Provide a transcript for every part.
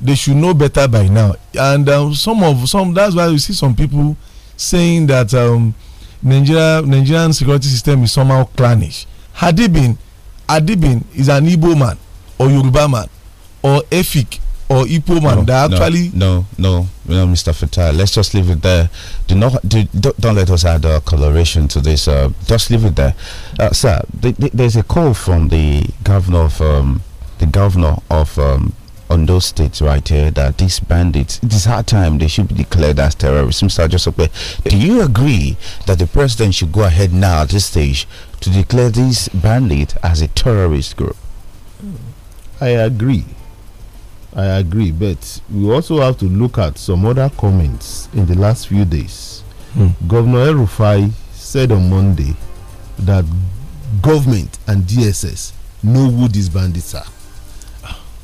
they should know better by now. And um, some of some that's why we see some people saying that um, Nigeria Nigerian security system is somehow clannish. Hadibin Hadibin is an Igbo man or Yoruba man or Efik or Ipo man no, that actually no no no, no Mr. Fatah, let's just leave it there do not do, don't let us add uh, coloration to this uh, just leave it there uh, sir th th there's a call from the governor of um, the governor of um, on those states right here that these bandits, it is hard time they should be declared as terrorists. Mr. Joseph, do you agree that the president should go ahead now at this stage to declare these bandits as a terrorist group? Hmm. I agree. I agree, but we also have to look at some other comments in the last few days. Hmm. Governor Erufai said on Monday that government and DSS know who these bandits are.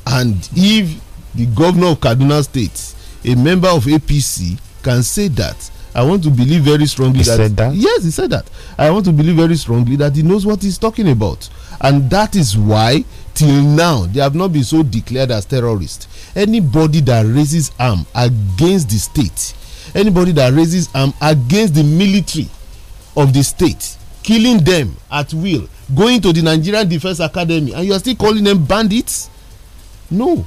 And if the governor of Kaduna State, a member of APC, can say that, I want to believe very strongly he that. Said that? Yes, he said that. I want to believe very strongly that he knows what he's talking about. And that is why, till now, they have not been so declared as terrorists. Anybody that raises arm against the state, anybody that raises arm against the military of the state, killing them at will, going to the Nigerian Defense Academy, and you are still calling them bandits? No.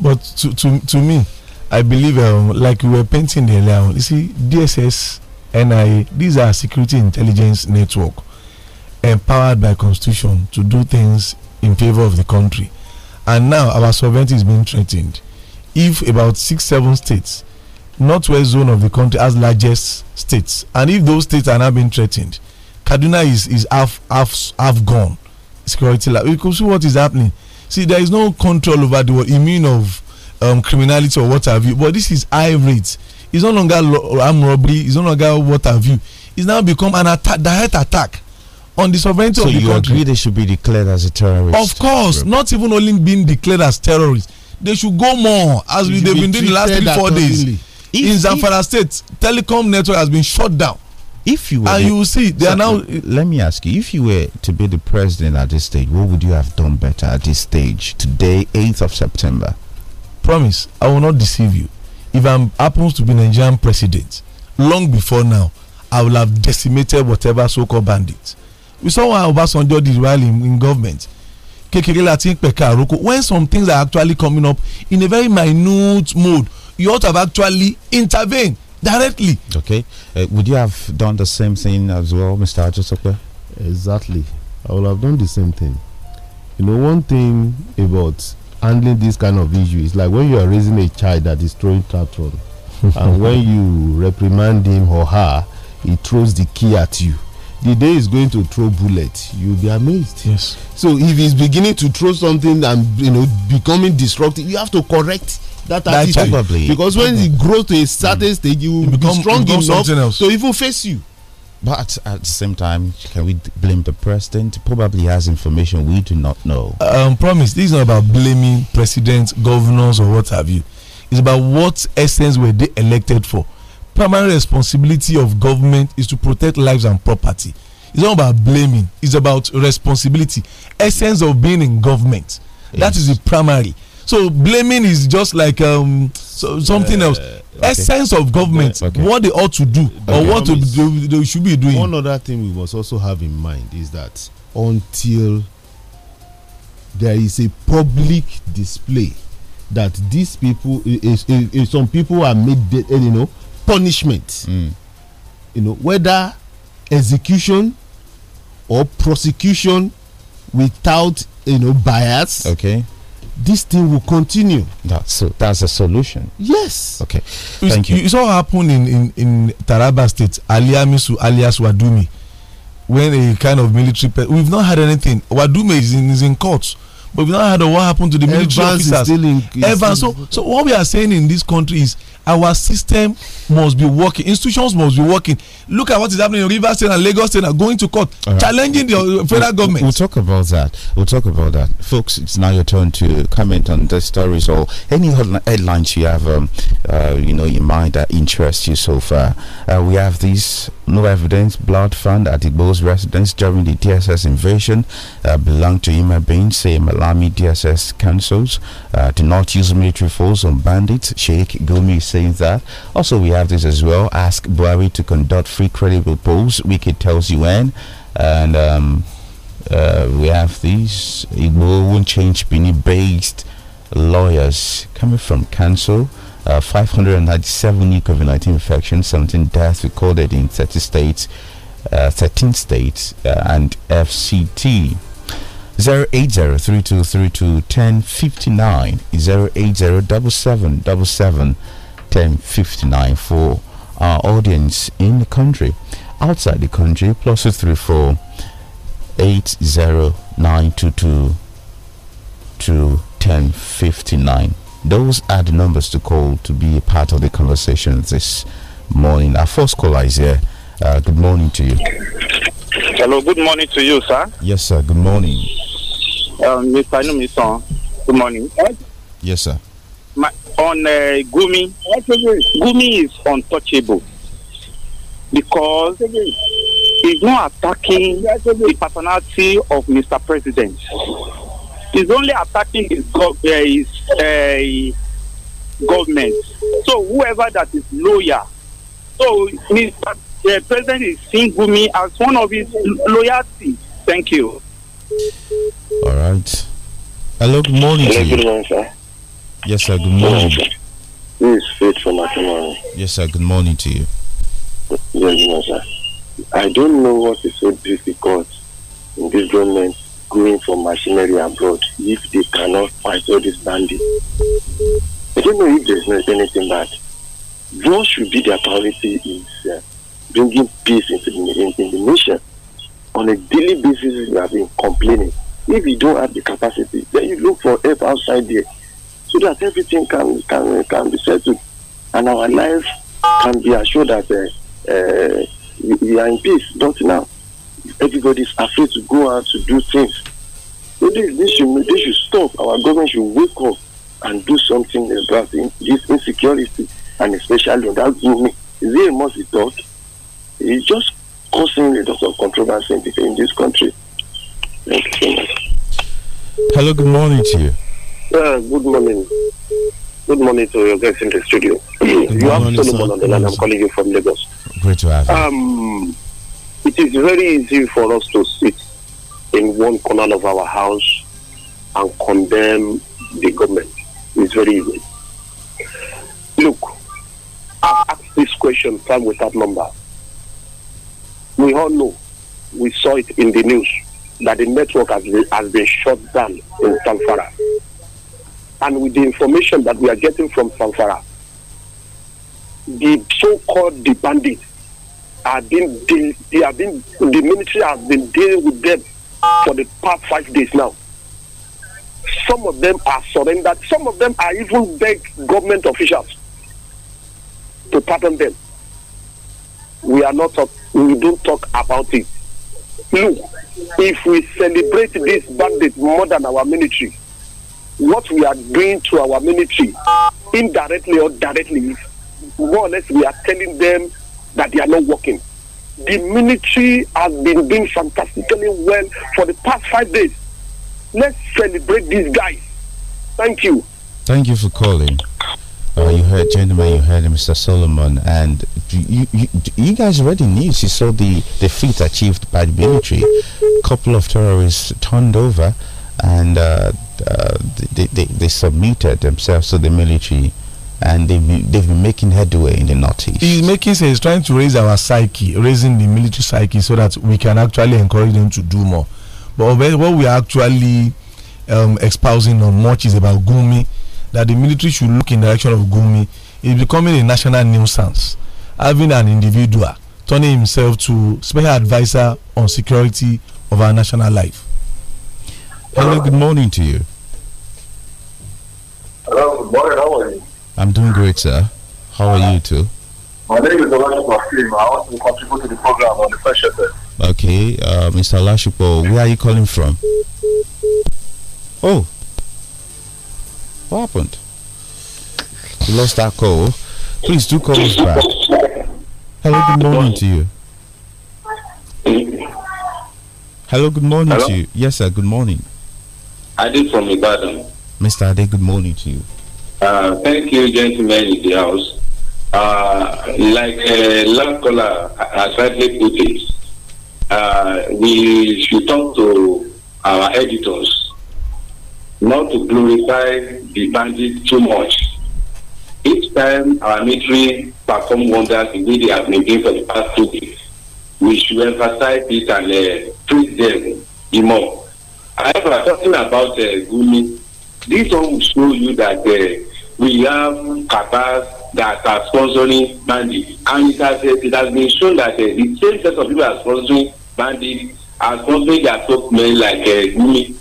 But to, to, to me, I believe, um, like we were painting earlier on, you see, DSS, NIA, these are security intelligence network empowered by constitution to do things in favor of the country. And now our sovereignty is being threatened. If about six, seven states, northwest zone of the country has largest states, and if those states are now being threatened, Kaduna is, is half half half gone. Security lab. You can see what is happening see there is no control over the immune of um, criminality or what have you but this is high rate it's no longer armed robbery it's no longer what have you it's now become an attack direct attack on the sovereignty so of the country. So you agree they should be declared as a terrorist? Of course, not even only being declared as terrorists. They should go more as we, they've be been doing the last three, four days. If, in Zamfara State, telecom network has been shut down if you were and you will see they so, are now let me ask you if you were to be the president at this stage what would you have done better at this stage today 8th of september promise i will not deceive you if i happens to be nigerian president long before now i will have decimated whatever so-called bandits we saw why obasanjo did while in, in government kékeré la pẹ̀ka àrókò when some things are actually coming up in a very minute mode you ought to have actually intervened directly. Okay. Uh, would you have done the same thing as well, Mr. Ajosokwe? Exactly. I would have done the same thing. You know, one thing about handling this kind of issue is like when you are raising a child that is throwing tantrum, and when you reprimand him or her, he throws the key at you. The day is going to throw bullets. You'll be amazed. Yes. So if he's beginning to throw something and you know becoming destructive, you have to correct that attitude probably, because when probably. it grows to a certain mm. stage you will become, be strong enough to even face you but at the same time, can we blame the president? probably has information we do not know. Um, promise, this is not about blaming presidents, governors, or what have you. It's about what essence were they elected for. Primary responsibility of government is to protect lives and property. It's not about blaming. It's about responsibility. Essence of being in government. That is yes. the primary so blaming is just like um, so something uh, else. Okay. Essence of government, okay. what they ought to do okay. or what to, they, they should be doing. One other thing we must also have in mind is that until there is a public display that these people, is, is, is some people are made, eh, eh, you know, punishment. Mm. You know, whether execution or prosecution without you know bias. Okay this thing will continue. That's so that's a solution. Yes. Okay. It's, Thank you. It's all happened in, in, in Taraba State, Aliamisu alias Wadumi, when a kind of military we've not had anything. Wadumi is in, is in court, but we've not heard what happened to the military Evans officers. Is still in, Evans. So so what we are saying in this country is our system must be working institutions must be working look at what is happening in rivers state and lagos state and going to court right. challenging the uh, federal we'll, government we'll talk about that we'll talk about that folks it's now your turn to comment on the stories or any headlines you have um, uh, you know in mind that interest you so far uh, we have these no evidence blood found at Igbo's residence during the DSS invasion uh, belonged to Ima Bain, say Malami DSS councils uh, do not use military force on bandits Sheikh Gumi say saying that. Also, we have this as well. Ask Buhari to conduct free credible polls. Wiki tells tell And um, uh, we have these. It won't change Benin based lawyers coming from council. Uh, 597 new COVID 19 infections, 17 deaths recorded in 30 states, uh, 13 states, uh, and FCT. 08032321059 0807777 1059 for our audience in the country. Outside the country, plus 234 80922 to 1059. Those are the numbers to call to be a part of the conversation this morning. Our first caller is here. Uh, good morning to you. Hello, good morning to you, sir. Yes, sir. Good morning. Um, Mr. Numison, good morning. Yes, sir. My, on uh, Gumi. Gumi is untouchable because he's not attacking the personality of Mr. President. He's only attacking his, gov uh, his uh, government. So whoever that is loyal. So Mr. The uh, President is seeing Gumi as one of his loyalty. Thank you. All right. Hello, good morning. Hello, good morning, sir. Yes, sir. Good morning. This is from Matimori. Yes, sir. Good morning to you. Yes, no, sir. I don't know what is so difficult in this government going for machinery abroad if they cannot fight all these bandits. I don't know if there's not anything bad. What should be their priority is uh, bringing peace into the, in, in the nation. On a daily basis, we have been complaining. If you don't have the capacity, then you look for help outside there so that everything can can can be settled and our life can be assured that uh, uh, we, are in peace. But now everybody is afraid to go out to do things. So this, this should this should stop. Our government should wake up and do something about this insecurity and especially on that grooming. Is it a must be taught? It's just causing a lot of controversy in, in this country. Hello, good morning to you good morning. Good morning to your guys in the studio. Good you morning, have Solomon on the line. I'm calling you from Lagos. Great to have you. Um, it is very easy for us to sit in one corner of our house and condemn the government. It's very easy. Look, I've asked this question time without number. We all know, we saw it in the news, that the network has been, has been shut down in Tamfara and with the information that we are getting from Sanfara, the so-called the bandits are being they, have been the military has been dealing with them for the past five days now. Some of them are surrendered. Some of them are even beg government officials to pardon them. We are not talk, we don't talk about it. Look, if we celebrate this bandit more than our military, what we are doing to our military, indirectly or directly, more or less we are telling them that they are not working. The military has been doing fantastically well for the past five days. Let's celebrate these guys. Thank you. Thank you for calling. Uh, you heard, gentlemen, you heard Mr. Solomon, and you, you, you guys already knew. You saw the, the feat achieved by the military. A couple of terrorists turned over, and uh, uh, they, they, they submitted themselves to the military and they've been, they've been making headway in the northeast. He's making sense. He's trying to raise our psyche, raising the military psyche, so that we can actually encourage them to do more. But what we are actually um, espousing on much is about Gumi, that the military should look in the direction of Gumi. It's becoming a national nuisance, having an individual turning himself to special advisor on security of our national life. Hello, good morning to you. Hello, good morning. How are you? I'm doing great, sir. How are you too? My name is Olashipo Akim. I want to contribute to the program on the Fresh FM. Okay, uh, Mr. Olashipo, where are you calling from? Oh, what happened? You lost that call. Please do call us back. Hello, good morning to you. Hello, good morning Hello? to you. Yes, sir, good morning. Adi from Ibadan. Mr. Adi, good morning to you. Uh, thank you, gentlemen in the house. Uh, like uh, last has rightly put it, uh, we should talk to our editors not to glorify the bandit too much. Each time our military perform wonders the way they have been doing for the past two weeks, we should emphasize it and uh, treat them the more. However, talking about uh, Gumi, this one will show you that uh, we have Qatar that are sponsoring bandits. And it has, uh, it has been shown that uh, the same set of people are sponsoring bandits are sponsoring their top men like uh, Gumi.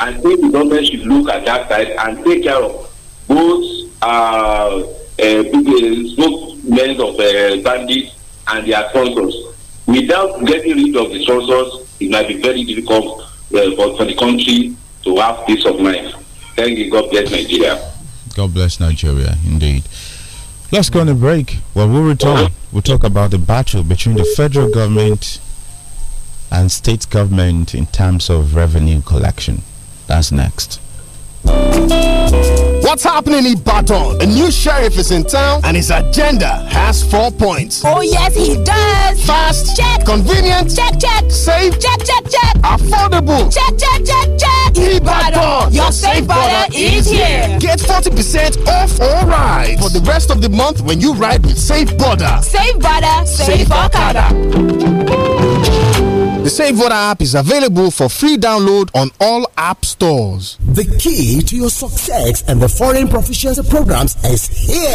And think the government should look at that side and take care of both uh, uh, men of uh, bandits and their sponsors. Without getting rid of the sponsors, it might be very difficult but for the country to have peace of mind. Thank you. God bless Nigeria. God bless Nigeria, indeed. Let's go on a break. When we return, we'll talk about the battle between the federal government and state government in terms of revenue collection. That's next. What's happening in Baton? A new sheriff is in town and his agenda has four points. Oh, yes, he does. Fast. Check. Convenient. Check, check. Safe. Check, check, check. Affordable. Check, check, check, check. Ibadan, your safe border is here. Get 40% off all rides for the rest of the month when you ride with Safe Border. Safe Border, safe, safe Okada. The Save Water app is available for free download on all app stores. The key to your success and the foreign proficiency programs is here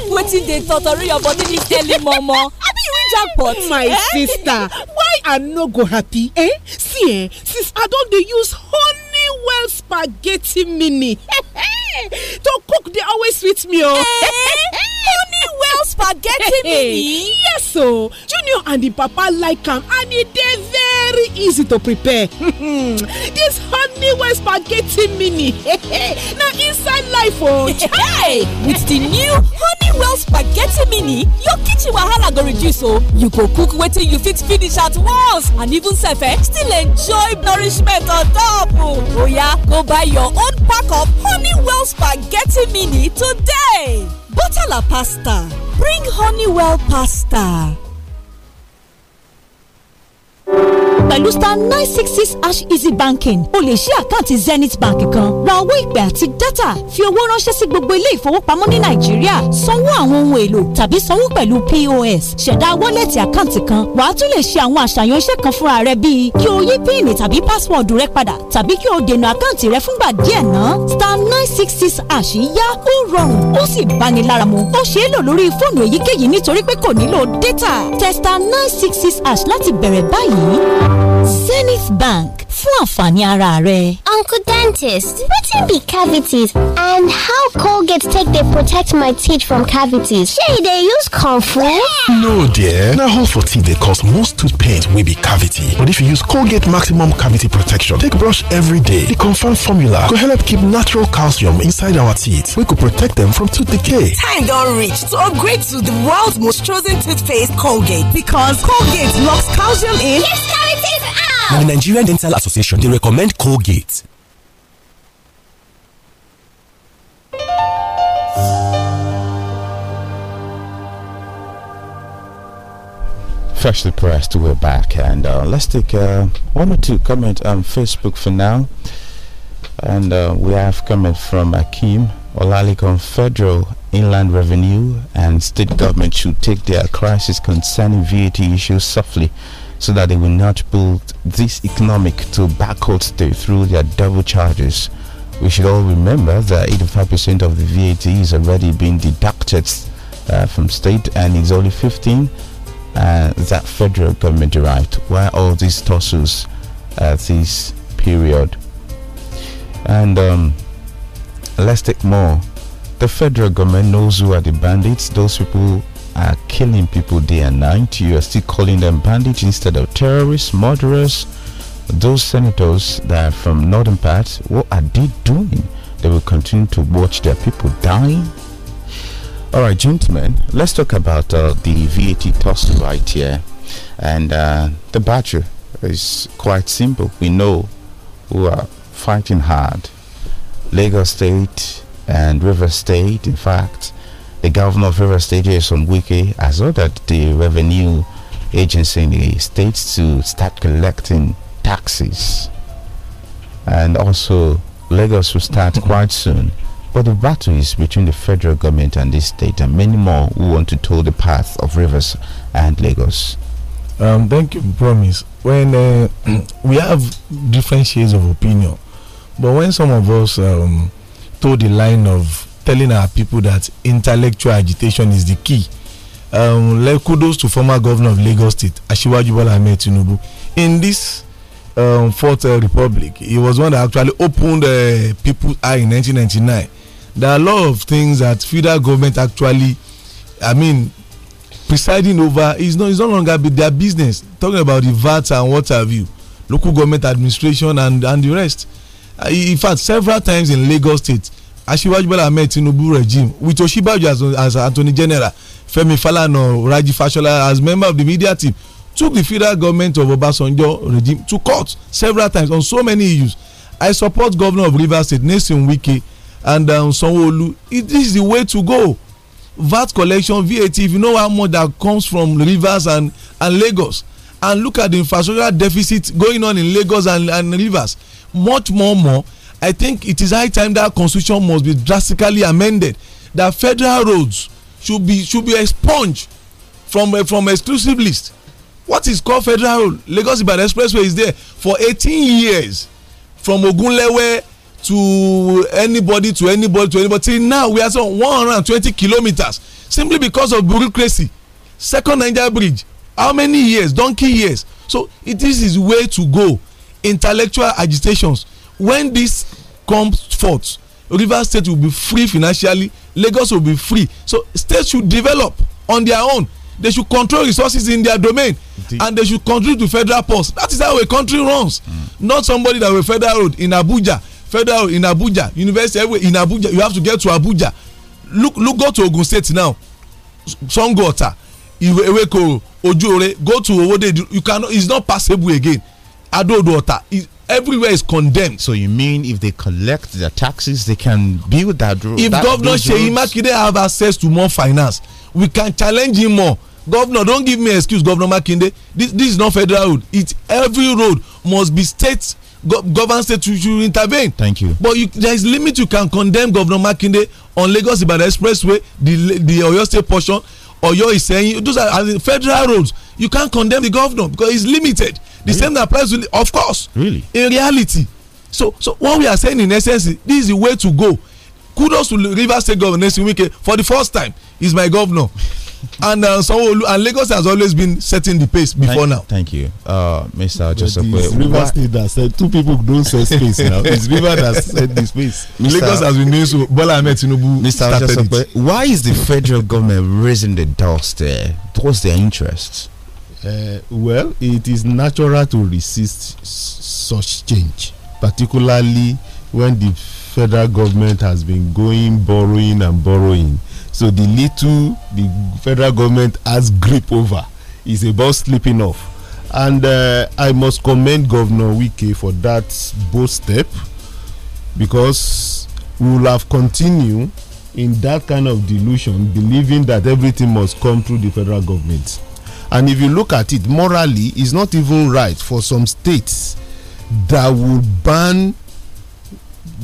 wetin dey totori your body need daily momo abi you win jackpot. my eh? sister why i no go happy eh see eh since i don dey use honey well spaghetti mini. to cook dey always sweet me o. Oh. honeywell eh? spaghetti mini. yes o junior and im papa like am and e dey very easy to prepare. this honeywell spaghetti mini na inside life o. Oh. with the new honeywell spaghetti mini your kitchen wahala go reduce o. Oh. you go cook wetin you fit finish at once and even sef eh still enjoy nourishment on top o go buy your own pack of Honeywell Spaghetti Mini today. Butter la pasta. Bring Honeywell pasta. pẹ̀lú star nine six six hash easy banking o lè ṣí àkáǹtì zenith bank kan ra owó ìpè àti dátà fi owó ránṣẹ́ sí gbogbo ilé ìfowópamọ́ ní nàìjíríà sanwó àwọn ohun èlò tàbí sanwó pẹ̀lú pos ṣẹ̀dá wọ́lẹ̀tì àkáǹtì kan wà á tún lè ṣe àwọn àṣàyàn iṣẹ́ kan fúnra rẹ bíi kí o yí píìnì tàbí pásíwọ̀dù rẹ padà tàbí kí o dènà àkáǹtì rẹ fúngbà díẹ̀ náà star nine six six hash yá ó rọrùn ó sì bani lára mu ó ṣeé lò lórí fóònù èyíkéyìí nítorí pé kò nílò nine six six hash láti bẹ̀rẹ̀ 嗯。zenith bank fún àǹfààní ara rẹ. uncle dentist wetin be cavities and how colgate take dey protect my teeth from cavities shey e dey use comfort? no dear na hole for teeth dey cause most tooth pain wey be cavity but if you use colgate maximum cavity protection take brush every day the confam formula go help keep natural calcium inside our teeth wey go protect them from tooth decay. time don reach to upgrade to the world's most chosen toothpaste colgate because colgate locks calcium in yes cavities out now, the Nigerian Dental Association, they recommend Colgate. freshly pressed we're back and uh, let's take uh, one or two comments on facebook for now and uh, we have comment from akim olalikon federal inland revenue and state government should take their crisis concerning vat issues softly so that they will not build this economic tobacco state through their double charges. We should all remember that 85% of the VAT is already being deducted uh, from state and it's only 15 uh, that federal government derived. Why all these tussles at uh, this period? And um, let's take more. The federal government knows who are the bandits, those people are killing people day and night. You are still calling them bandits instead of terrorists, murderers. Those senators that are from northern parts, what are they doing? They will continue to watch their people dying. All right, gentlemen, let's talk about uh, the VAT tussle right here. And uh, the badger is quite simple. We know who are fighting hard. Lagos State and River State, in fact, the governor of River State, Jason Wiki, has ordered the revenue agency in the state to start collecting taxes. And also, Lagos will start quite soon. But the battle is between the federal government and this state, and many more who want to toll the path of rivers and Lagos. Um, thank you, promise. When uh, we have different shades of opinion, but when some of us um, toe the line of telling our people that intellectual agitation is the key. Um, kudos to former governor of Lagos State, Ashiwaju Bola Ahmed Tinubu. In this um, Fourth uh, Republic, he was one that actually opened uh, people's eye in 1999. There are a lot of things that federal government actually, I mean, presiding over is no, is no longer their business. Talking about the VAT and what have you, local government administration and, and the rest. Uh, in fact, several times in Lagos State, aṣíwájú bọ́lá ahmed tinubu regime with osinbajo as, as attorney general femi falana raji fashola as member of the media team took the federal government of obasanjo regime to court several times on so many issues i support governor of rivers state nelson wike and um, sanwoolu it is the way to go vat collection vat if you know how much that comes from rivers and and lagos and look at the infrastructural deficit going on in lagos and and rivers much more more I think it is high time that constitution must be drastically amended that federal roads should be should be expunged from uh, from exclusive list what is called federal road lagos ibadan expressway is there for eighteen years from ogunlewe to anybody to anybody to anybody till now we are some one hundred and twenty kilometres simply because of bureaucracy second niger bridge how many years donkey years so it is this is way to go intellectual agitations when this comes forth rivers state will be free financially lagos will be free so states should develop on their own they should control resources in their domain Indeed. and they should contribute to federal purse that is how a country runs mm. not somebody that will federal road in abuja federal road in abuja university everywhere in abuja you have to get to abuja look look go to ogun state now sango ota ewekoro ojuore go to owode you cannot it's not passable again adodo ota everywhere is condemned. So you mean if they collect their taxes, they can build that road? If that, Governor Sheyi Makinde have access to more finance, we can challenge him more. Governor, don't give me excuse, Governor Makinde. This, this is not federal road. It's every road must be state go, government state should, should intervene. Thank you. But you, there is limit you can condemn Governor Makinde on Lagos Ibadan Expressway, the the Oyo State portion, Oyo is saying those are federal roads. You can't condemn the governor because it's limited the really? same applies to, of course. Really? In reality. So, so what we are saying in essence this is the way to go. Kudos to Rivers State Governor Nelson Wike for the first time. Is my governor. and uh, so and Lagos has always been setting the pace before thank, now. Thank you, uh, Mr. Joseph. It's River State that said two people don't set space now. It's River that set the space. Lagos has been doing so. Bola Ahmed Tinubu Mr. why is the federal government raising the dust there? What's their interest? Uh, well, it is natural to resist such change, particularly when the federal government has been going borrowing and borrowing. So the little the federal government has grip over is about slipping off. And uh, I must commend Governor Wike for that bold step because we will have continued in that kind of delusion, believing that everything must come through the federal government and if you look at it morally, it's not even right for some states that would ban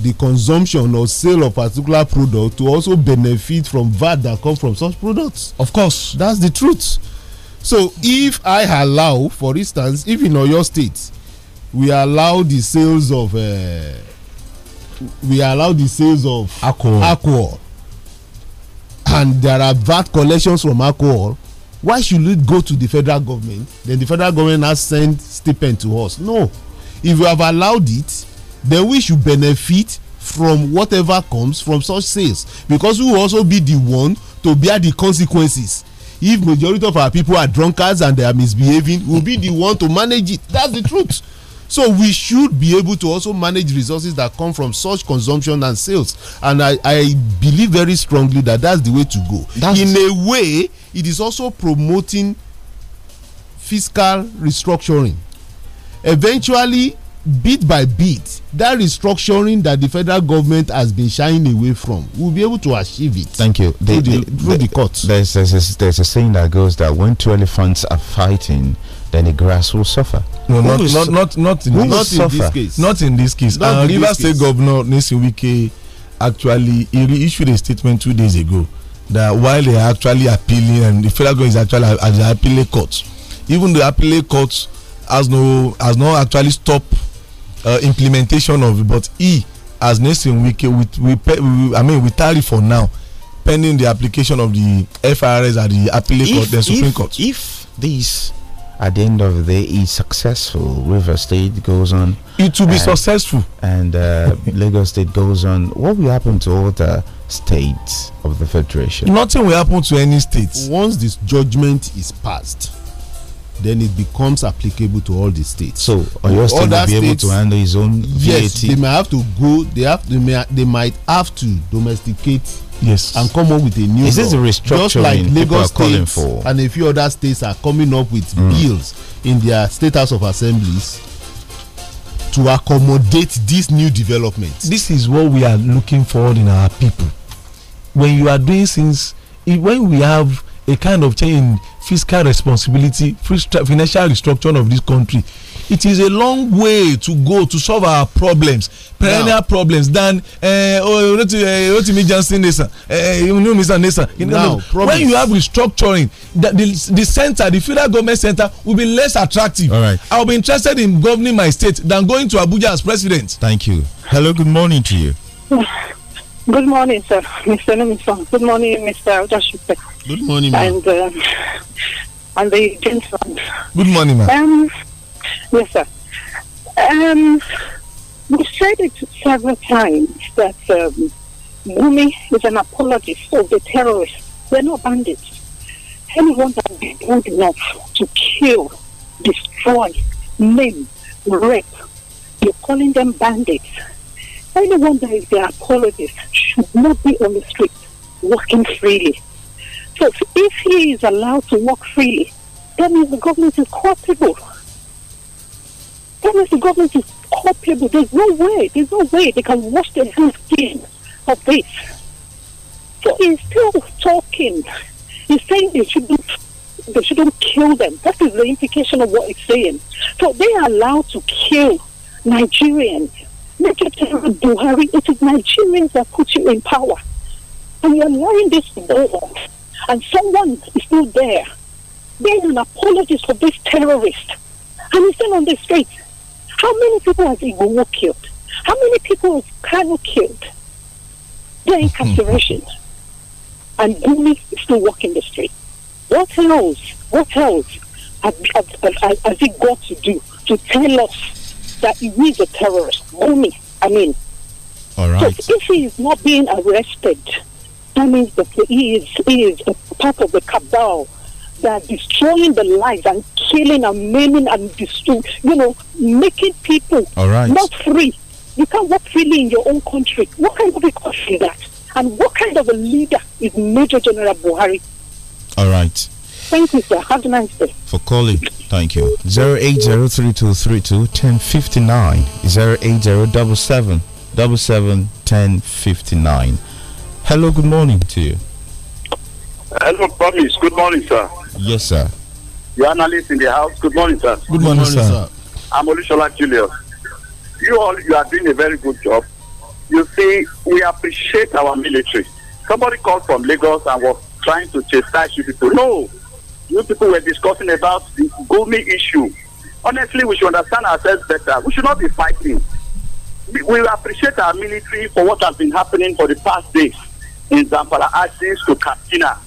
the consumption or sale of particular product to also benefit from VAT that come from such products. Of course. That's the truth. So if I allow, for instance, if in your State, we allow the sales of uh, we allow the sales of alcohol. alcohol and there are VAT collections from alcohol why should we go to the federal government then the federal government has sent stipend to us no if you have allowed it then we should benefit from whatever comes from such sales because we will also be the one to bear the consequences if majority of our people are drunkards and they are misbehaving we will be the one to manage it that's the truth so we should be able to also manage resources that come from such consumption and sales. And I, I believe very strongly that that's the way to go. That's In a way, it is also promoting fiscal restructuring. Eventually, bit by bit that restructuring that the federal government has been shying away from will be able to achieve it. thank you through the, the, the, the courts. There's, there's, there's, a saying that goes that when two elephants are fighting then the grass will suffer. No, not, not, not, not, in, this, not in this case. Not in this case. uh, River State case. Governor Nelson Wike actually he issued a statement two days ago that while they are actually appealing and the federal government is actually at the appellate court, even the appellate court has no has not actually stopped uh, implementation of it, but he as Nelson Wike with we, we, I mean we tarry for now pending the application of the FRS at the appellate if, court, the Supreme if, Court. If this at the end of the day is successful, River State goes on. It will be and, successful. And uh, Lagos State goes on. What will happen to all the states of the federation? Nothing will happen to any states. Once this judgment is passed, then it becomes applicable to all the states. So Oyo State will be able to handle his own VAT. Yes, they may have to go. They have. They may. They might have to domesticate yes and come up with a new is this law. restructuring just like lagos state and a few other states are coming up with mm. bills in their state house of assemblies to accommodate this new development. this is what we are looking for in our people when you are doing things when we have a kind of change fiscal responsibility financial restructuring of this country it is a long way to go to solve our problems perennial now, problems than eh, oh, rotimi eh, johnson nation eh, new minister when you have restructuring the, the, the center the federal government center will be less attractive right. i will be interested in governing my state than going to abuja as president. thank you hello good morning to you. Good morning, sir, Mr. Nimson. Good morning, Mr. Joshua. Good morning, ma'am. And, uh, and the gentleman. Good morning, ma'am. Um, yes, sir. Um, we said it several times that um, is an apologist of the terrorists. They're not bandits. Anyone that is good enough to kill, destroy, maim, rape, you're calling them bandits Anyone that is their apologist should not be on the street walking freely. So if he is allowed to walk freely, that means the government is culpable. That means the government is culpable. There's no way, there's no way they can wash their hands clean of this. So he's still talking. He's saying they shouldn't they shouldn't kill them. That is the implication of what he's saying. So they are allowed to kill Nigerians Make it with Buhari. It is Nigerians that put you in power. And you're lying this door. And someone is still there. Being an apologist for this terrorist. And he's still on the streets. How many people has Igbo killed? How many people has Kano killed? in incarceration. and Bumi is still walking the street. What else? What else has, has, has, has it got to do to tell us that he is a terrorist. Only, I mean. All right. If he is not being arrested, that means that he is, he is a part of the cabal that are destroying the lives and killing and maiming and destroying, you know, making people not free. You can't work freely in your own country. What kind of a country is that? And what kind of a leader is Major General Buhari? All right. Thank you, sir. Have a nice day. For calling. Thank you. 08032321059. 08077771059. Hello, good morning to you. Hello, Promise. Good morning, sir. Yes, sir. Your analyst in the house. Good morning, sir. Good morning, good morning sir. sir. I'm Olushola Julius. You all, you are doing a very good job. You see, we appreciate our military. Somebody called from Lagos and was trying to chastise you people. No, you people were discussing about the Gumi issue. Honestly, we should understand ourselves better. We should not be fighting. We, we appreciate our military for what has been happening for the past days in zamfara access to Katsina.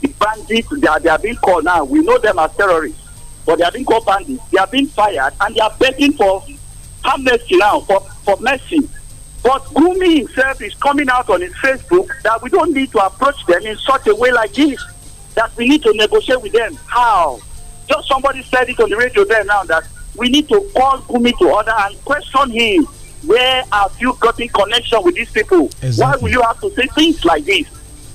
The bandits, they are, they are being called now. We know them as terrorists, but they are being called bandits. They are being fired and they are begging for amnesty now, for, for mercy. But Gumi himself is coming out on his Facebook that we don't need to approach them in such a way like this that we need to negotiate with them. How? Just somebody said it on the radio there now that we need to call Kumi to order and question him. Where have you got in connection with these people? Exactly. Why will you have to say things like this?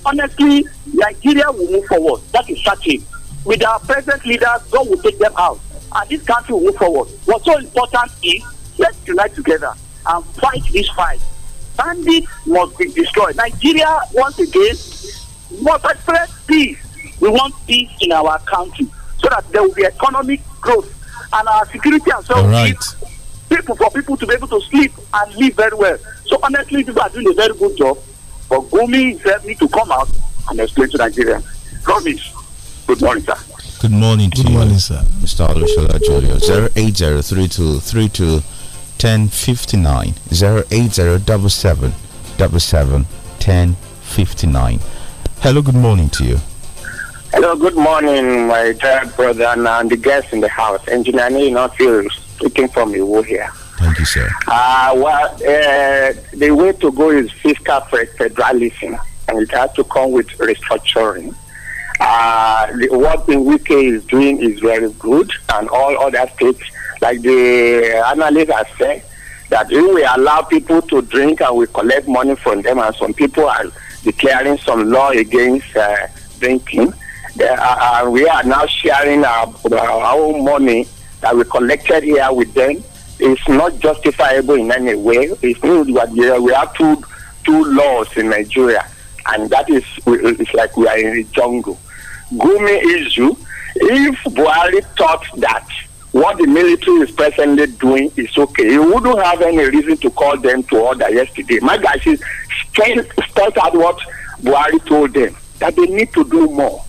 Honestly, Nigeria will move forward. That is certain. With our present leaders, God will take them out. And this country will move forward. What's so important is let's unite together and fight this fight. Bandits must be destroyed. Nigeria, once again, must express peace. We want peace in our country so that there will be economic growth and our security and so right. people for people to be able to sleep and live very well. So honestly, people are doing a very good job. But Gumi himself me to come out and explain to Nigerians. Promise. Good morning, sir. Good morning to Good you, morning, sir. Mr. Olushola Julio. 0803232 0807 1059. Hello, good morning to you. Hello, good morning, my dear brother and, and the guests in the house. Engineer Nino Phil speaking from Iwo here. Thank you, sir. Uh, well, uh, the way to go is fiscal federalism, and it has to come with restructuring. Uh, the, what the UK is doing is very good, and all other states, like the analyst has said, that if we allow people to drink and we collect money from them, and some people are declaring some law against uh, drinking, uh, uh, we are now sharing our, our own money that we collected here with them. It's not justifiable in any way. It's not, we have two, two laws in Nigeria, and that is it's like we are in a jungle. Gumi issue, if Buhari thought that what the military is presently doing is okay, he wouldn't have any reason to call them to order yesterday. My guys, spelt out what Buhari told them, that they need to do more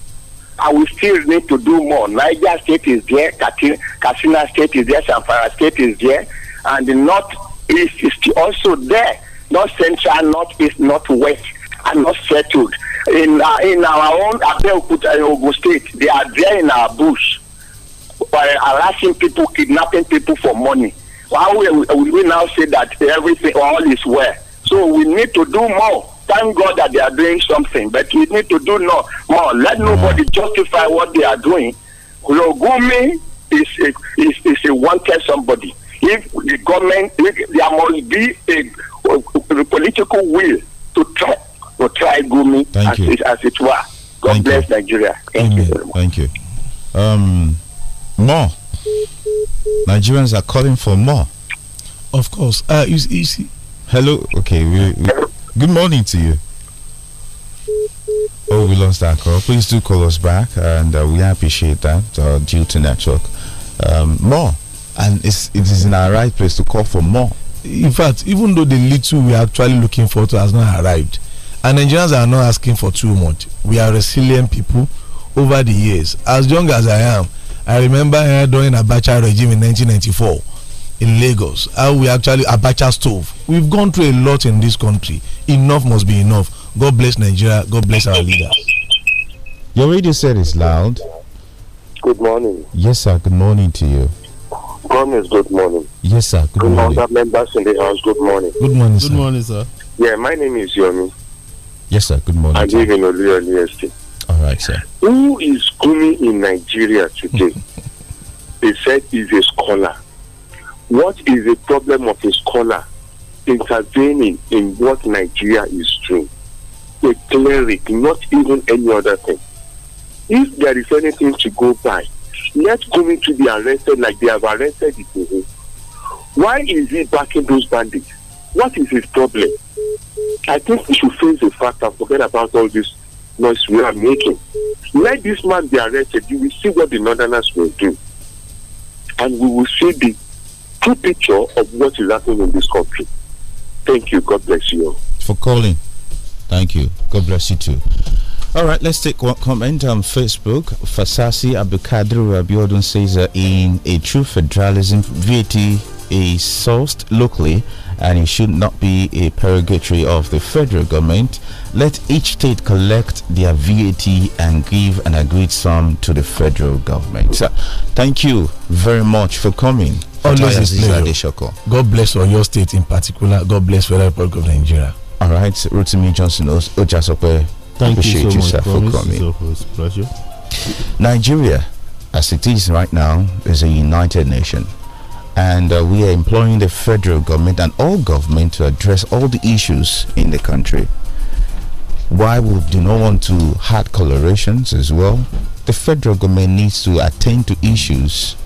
and we still need to do more. Niger State is there, Katsina State is there, Zamfara State is there, and the North East is also there. North Central, North East, North West are not settled. In, uh, in our own Abeokuta, Ogun State, they are there in our bush, by harassing people, kidnapping people for money. Why will we now say that everything, all is well? So we need to do more. Thank God that they are doing something, but we need to do no more. Let nobody justify what they are doing. Rogumi is a, is, is a wanted somebody. If the government, if there must be a, a, a, political will to try to try Gumi Thank as, you. It, as it were. God Thank bless you. Nigeria. Thank Amen. you very much. Thank you. Um, more. Nigerians are calling for more. Of course. Uh, it's easy. Hello. Okay. We, we, Good morning to you. Oh, we lost that call. Please do call us back, and uh, we appreciate that uh, due to network. Um, more, and it's, it is in our right place to call for more. In fact, even though the little we are actually looking for to has not arrived, and Nigerians are not asking for too much. We are resilient people over the years. As young as I am, I remember uh, during Abacha regime in 1994 in Lagos, how we actually Abacha stove. We've gone through a lot in this country enough must be enough. God bless Nigeria. God bless our leaders. Your radio set is loud. Good morning. Yes, sir. Good morning to you. Promise, good morning. Yes, sir. Good, good morning. morning. members in the house, good morning. Good morning, sir. Good morning, sir. Yeah, my name is Yomi. Yes, sir. Good morning. I live in Oluyoli Estate. All right, sir. Who is Gumi in Nigeria today? they said he's a scholar. What is the problem of a scholar intervening in what Nigeria is doing. A cleric, not even any other thing. If there is anything to go by, let Gumi to be arrested like they have arrested people. Why is he backing those bandits? What is his problem? I think we should face the fact and forget about all this noise we are making. Let this man be arrested. You will see what the Northerners will do. And we will see the true picture of what is happening in this country. Thank you. God bless you. For calling. Thank you. God bless you too. All right, let's take one comment on Facebook. Fasasi Abukadru Rabiodun says uh, in a true federalism, VAT is sourced locally and it should not be a prerogatory of the federal government. Let each state collect their VAT and give an agreed sum to the federal government. thank you very much for coming all those God bless all your state in particular. God bless Federal Republic of Nigeria. All right, Rotimi Johnson Ojasope. Thank appreciate you, so you sir, for coming. Nigeria, as it is right now, is a united nation. And uh, we are employing the federal government and all government to address all the issues in the country. Why we do not want to hard colorations as well? The federal government needs to attend to issues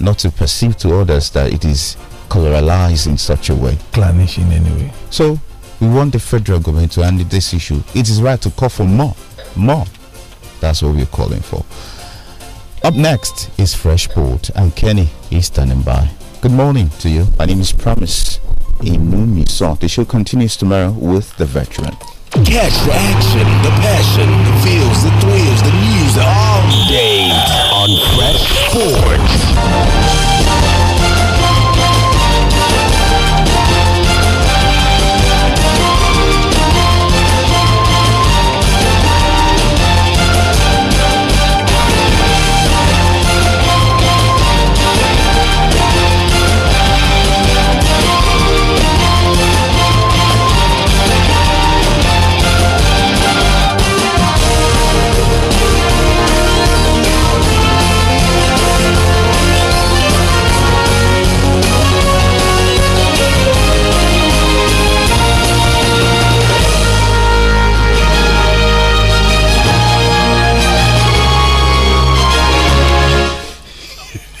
not to perceive to others that it is colorized in such a way. Clannish in any way. So we want the federal government to handle this issue. It is right to call for more. More. That's what we're calling for. Up next is Freshport, and Kenny is standing by. Good morning to you. My name is Promise Inumiso. The show continues tomorrow with The Veteran. Catch the action, the passion, the feels, the thrills, the news all day on Fresh Sports.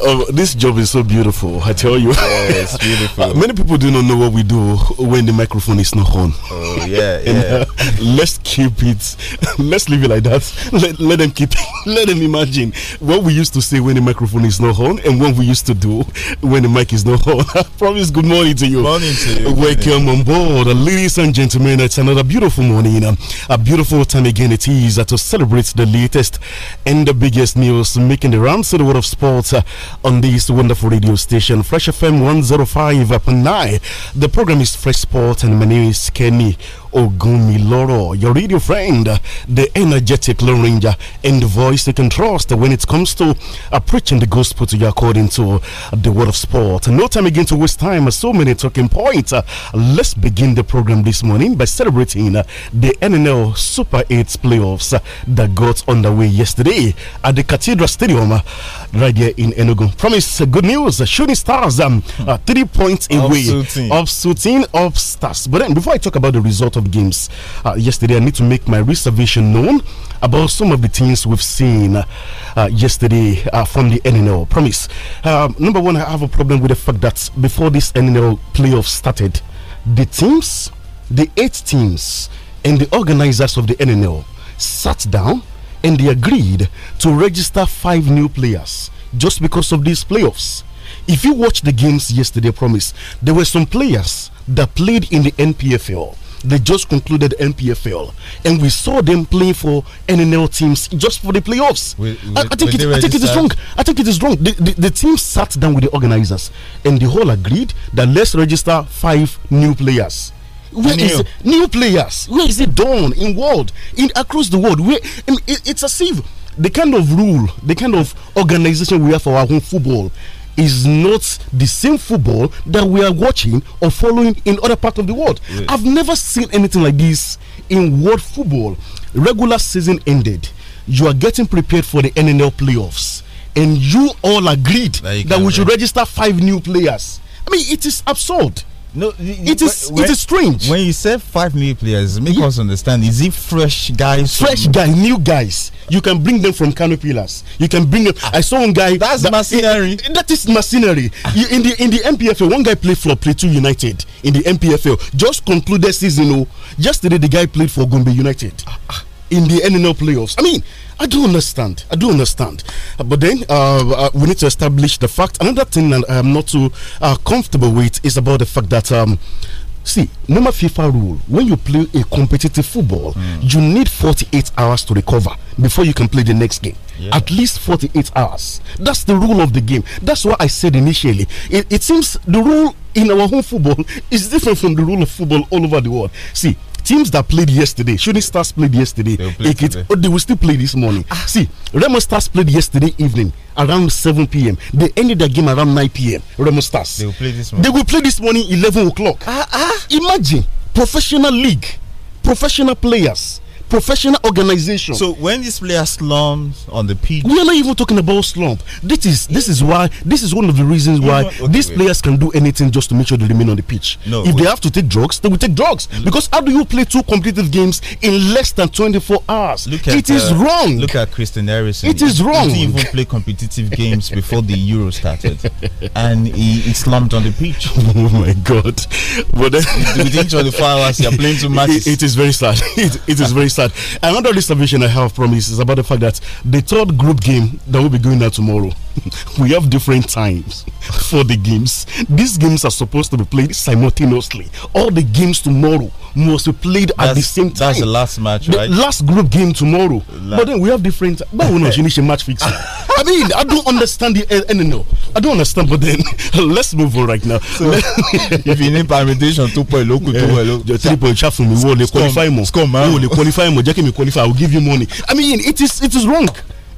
Oh, this job is so beautiful, I tell you. it's beautiful. many people do not know what we do when the microphone is not on. Oh, yeah, and, yeah. Uh, let's keep it, let's leave it like that. Let, let them keep let them imagine what we used to say when the microphone is not on and what we used to do when the mic is not on. I promise good morning to you. Morning to you. Welcome morning. on board, ladies and gentlemen. It's another beautiful morning, um, a beautiful time again it is uh, to celebrate the latest and the biggest news making the rounds in the world of sports. Uh, on this wonderful radio station, Fresh FM 105.9. The program is Fresh Sport, and my name is Kenny Loro, your radio friend, the energetic Lone Ranger, and the voice you can trust when it comes to uh, preaching the gospel to you according to the word of sport. No time again to waste time, so many talking points. Uh, let's begin the program this morning by celebrating uh, the NNL Super 8 playoffs uh, that got underway yesterday at the Cathedral Stadium uh, right here in Enugu. Balogun promised good news. Shooting stars um, uh, three points away of shooting of stars. But then before I talk about the result of games uh, yesterday, I need to make my reservation known about some of the things we've seen uh, yesterday uh, from the NNL. Promise. Um, number one, I have a problem with the fact that before this NNL playoff started, the teams, the eight teams, and the organizers of the NNL sat down and they agreed to register five new players just because of these playoffs. If you watch the games yesterday, I promise, there were some players that played in the NPFL. They just concluded NPFL, and we saw them playing for NNL teams just for the playoffs. I, I, think it, I, think it is wrong. I think it is wrong. The, the, the team sat down with the organizers, and the whole agreed that let's register five new players. Where new. is it, new players? Where is it done in world in across the world? Where I mean, it, it's a sieve the kind of rule, the kind of organization we have for our own football is not the same football that we are watching or following in other parts of the world. Yes. I've never seen anything like this in world football. Regular season ended. You are getting prepared for the NNL playoffs. And you all agreed you that we should register five new players. I mean, it is absurd. No, it is when, it is strange. When you say five new players, make yeah. us understand. Is it fresh guys? Fresh guys, new guys. You can bring them from Kano You can bring them. Ah. I saw one guy. That's that, machinery. It, eh, that is machinery. Ah. you, in the in the MPFL, one guy played for Plateau United in the MPFL. Just concluded season. Oh, yesterday the guy played for Gombe United. Ah, in the NNL playoffs. I mean, I do understand. I do understand. Uh, but then uh, uh, we need to establish the fact. Another thing that I'm not too uh, comfortable with is about the fact that. Um, See, normal FIFA rule when you play a competitive football, mm. you need 48 hours to recover before you can play the next game. Yeah. At least 48 hours. That's the rule of the game. That's what I said initially. It, it seems the rule in our home football is different from the rule of football all over the world. See, teams that played yesterday, Shooting Stars played yesterday. play Ekit, oh, they will still play this morning. Ah. See, Remo Stars played yesterday evening around 7 p.m. They ended their game around 9 p.m. Remo Stars. They will play this morning. They will play this morning 11 o'clock. Ah, ah. Imagine professional league, professional players professional organization. So when this player slumps on the pitch, we are not even talking about slump. This is this is why this is one of the reasons why okay, these players can do anything just to make sure they remain on the pitch. No, if they have to take drugs, they will take drugs. Because how do you play two completed games in less than 24 hours? Look at, it is uh, wrong. Look at Christian Eriksen. It is wrong. He didn't even play competitive games before the Euro started, and he, he, slumped on the pitch. oh my God! But then, within 24 hours, you're playing two matches. it, it is very sad. it, it is very sad. Another observation I have from this is about the fact that the third group game that will be going out tomorrow, we have different times for the games. These games are supposed to be played simultaneously. All the games tomorrow must be played that's, at the same time. That's the last match, the right? Last group game tomorrow. La but then we have different. But we not finish a match fixing. I mean, I don't understand the NNL. I don't understand, but then let's move on right now. So, if you need permutation, two point local, two point eh, local, three point chaff from me, won't qualify more. Score man, won't qualify more. Jackie, me qualify. I will give you money. I mean, it is it is wrong.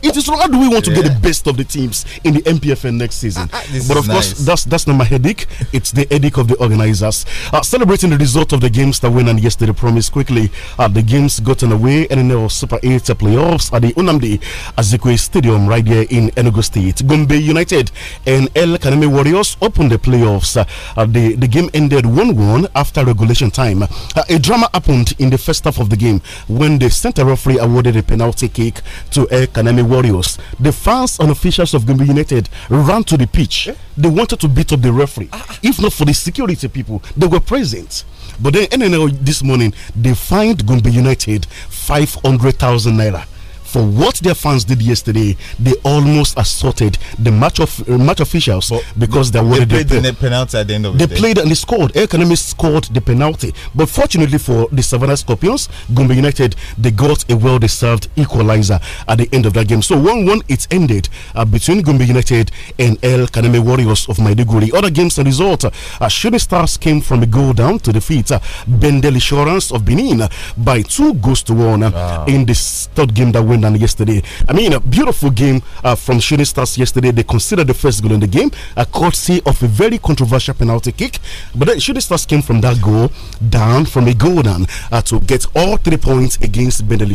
It is how do we want yeah. to get the best of the teams in the MPFN next season? Uh, but of course, that's that's not my headache. It's the headache of the organizers. Uh, celebrating the result of the games that went on yesterday. Promise quickly, uh, the games gotten away and now Super Eight playoffs at the Unamdi Azikwe Stadium right here in Enugu State. Gombe United and El Kaneme Warriors opened the playoffs. Uh, uh, the the game ended one-one after regulation time. Uh, a drama happened in the first half of the game when the center referee awarded a penalty kick to El Kaneme Warriors, the fans and officials of Gambia United ran to the pitch. Yeah. They wanted to beat up the referee. Ah, ah. If not for the security people, they were present. But then NNL this morning, they fined Gambia United 500,000 naira for what their fans did yesterday, they almost assaulted the match of uh, match officials but because they, they they played the penalty at the end of they played and they scored. Air scored the penalty, but fortunately for the Savannah Scorpions, Gombe United they got a well-deserved equalizer at the end of that game. So one-one it ended uh, between Gombe United and El Kaname Warriors of Maiduguri. Other games and result: uh, Shooting Stars came from a goal down to defeat uh, Bendel Insurance of Benin by two goals to one uh, wow. in the third game that went than yesterday. I mean, a beautiful game uh, from Shooting Stars yesterday. They considered the first goal in the game, a uh, courtesy of a very controversial penalty kick. But then Shooting Stars came from that goal down, from a goal down, uh, to get all three points against Bendel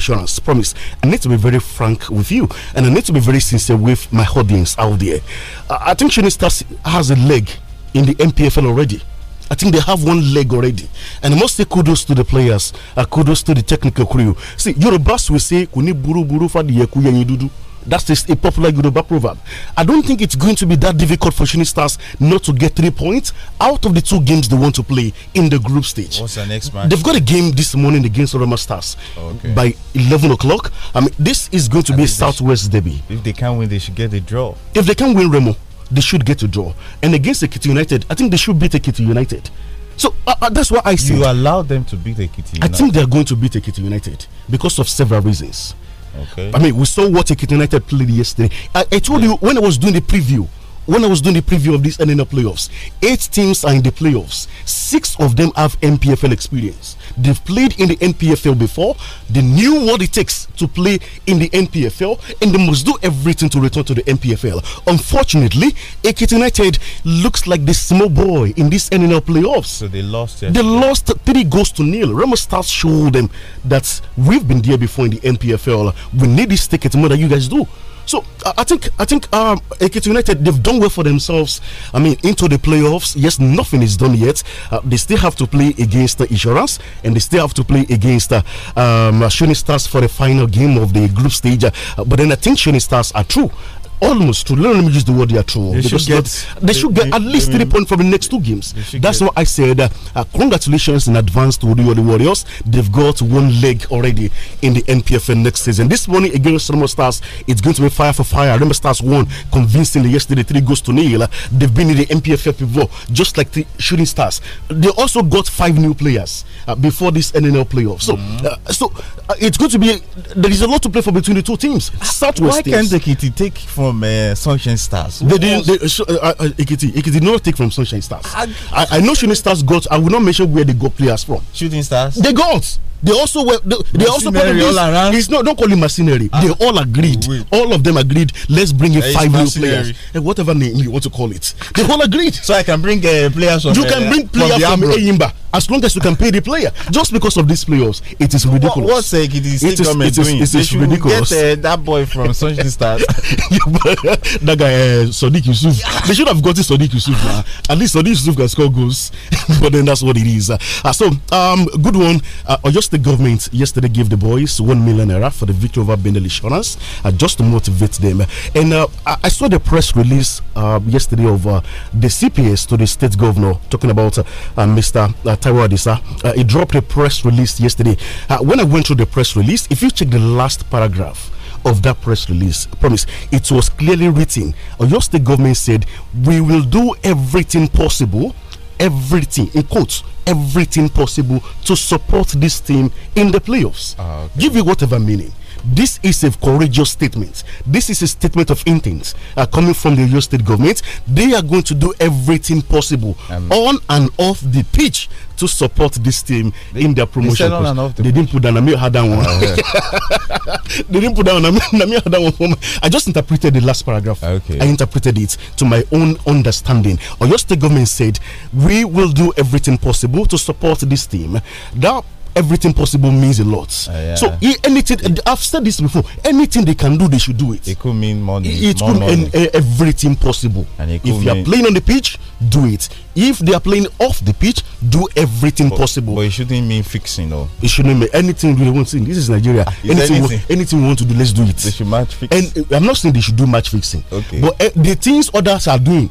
Promise, I need to be very frank with you, and I need to be very sincere with my audience out there. Uh, I think Shooting Stars has a leg in the MPFL already. I think they have one leg already. And I must say kudos to the players, uh, kudos to the technical crew. See, Yorubas will say, Kuni buru buru fa dudu. That's a, a popular Yoruba proverb. I don't think it's going to be that difficult for Shooting Stars not to get three points out of the two games they want to play in the group stage. What's the next match? They've got a game this morning against Roma Stars okay. by 11 o'clock. I mean, this is going to I be a Southwest should, Derby. If they can't win, they should get a draw. If they can win, Remo they should get a draw. And against Ekiti United, I think they should beat Ekiti United. So uh, uh, that's what I see. You allow them to beat Ekiti United. I think they're going to beat Ekiti United because of several reasons. Okay. I mean, we saw what Ekiti United played yesterday. I, I told yeah. you when I was doing the preview when I was doing the preview of this NNL playoffs, eight teams are in the playoffs. Six of them have NPFL experience. They've played in the NPFL before. They knew what it takes to play in the NPFL, and they must do everything to return to the NPFL. Unfortunately, Ekiti United looks like the small boy in this NNL playoffs. So they lost. They lost three goals to nil. Remo Stars showed them that we've been there before in the NPFL. We need this ticket more than you guys do. So I think I think um, Ekiti United they've done well for themselves. I mean, into the playoffs. Yes, nothing is done yet. Uh, they still have to play against the uh, Insurance, and they still have to play against uh, um, Shuni Stars for the final game of the group stage. Uh, but then I think Shuni Stars are true almost two. Let me use the word they are two. They should get, not, they, they should get at least three points from the next two games. That's get. what I said. Uh, uh, congratulations in advance to the Warriors. They've got one leg already in the NPFL next season. This morning against Remo Stars, it's going to be fire for fire. Remember, Stars won convincingly yesterday, three goals to nil. Uh, they've been in the NPFL before, just like the Shooting Stars. They also got five new players uh, before this NNL playoff. So, mm. so uh, it's going to be. There is a lot to play for between the two teams. Southwest. Why can't they take it take for from uh, Sunshine Stars. They did. They, uh, uh, uh, uh no take from Sunshine Stars. I, I, I know Shooting Stars got. I will not mention where they got players from. Shooting Stars. They got they also were they, they also put in this it's not don't call it mercenary ah. they all agreed Wait. all of them agreed let's bring in yeah, five new players and whatever name you want to call it they all agreed so i can bring uh, players you can uh, bring player from, from Eyimba as long as you can pay the player just because of these playoffs it is ridiculous what, what's uh, like it is it is, it is, it is, is ridiculous get, uh, that boy from Sunshine stars that guy uh, Sadiq Yusuf they should have gotten Sadiq Yusuf uh, at least Sadiq Yusuf can score goals but then that's what it is uh, so um good one uh, just course, the government yesterday gave the boys one million naira for the victory over Benel Insurance uh, just to motivate them. And uh, I, saw the press release uh, yesterday of uh, the CPS to the state governor talking about uh, uh, Mr. Uh, Taiwo Adisa. he dropped a press release yesterday. when I went through the press release, if you check the last paragraph, of that press release. I promise it was clearly written. Your state government said we will do everything possible everything in quotes everything possible to support this team in the playoffs. Ah, okay. Give it whatever meaning. This is a courageous statement. This is a statement of intent uh, coming from the Oyo State government. They are going to do everything possible um, on and off the pitch to support this team they, in their promotion. They, the oh, they didn't put down Namir had one. yeah. they didn't put down Namir had that one. I just interpreted the last paragraph. Okay. I interpreted it to my own understanding. your State government said, "We will do everything possible to support this team." That everything possible means a lot. Uh, yeah. So anything I've said this before, anything they can do, they should do it. It could mean money. It, could mean everything possible. And if you are playing on the pitch, do it. If they are playing off the pitch, do everything but, possible. But it shouldn't mean fixing, though. It shouldn't mean anything we want to. This is Nigeria. Ah, is anything, anything? We, anything? we want to do, let's do it. They should match fixing. And eh, I'm not saying they should do match fixing. Okay. But uh, the things others are doing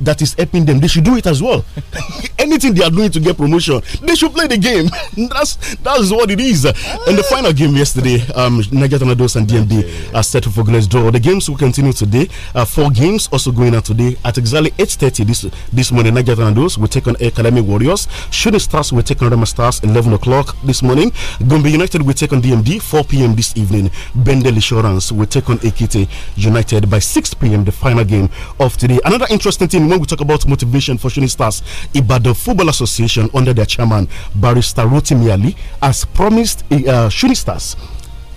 that is helping them, they should do it as well. Anything they are doing to get promotion, they should play the game. that's that's what it is. And the final game yesterday, um, Niger Tornadoes and DMD are set for glass draw. The games will continue today. Uh, four games also going on today at exactly 8:30 this this morning. Niger Tornadoes will take on Academy Warriors. Shooting Stars will take on Rama Stars 11 o'clock this morning. Gombe United will take on DMD 4 p.m. this evening. Bendel Insurance will take on AKT United by 6 p.m. The final game of today. Another interesting thing when we talk about motivation for shooting stars, the Football Association, under their chairman, Barrister Rotimi Ali, has promised eh, uh, shooting stars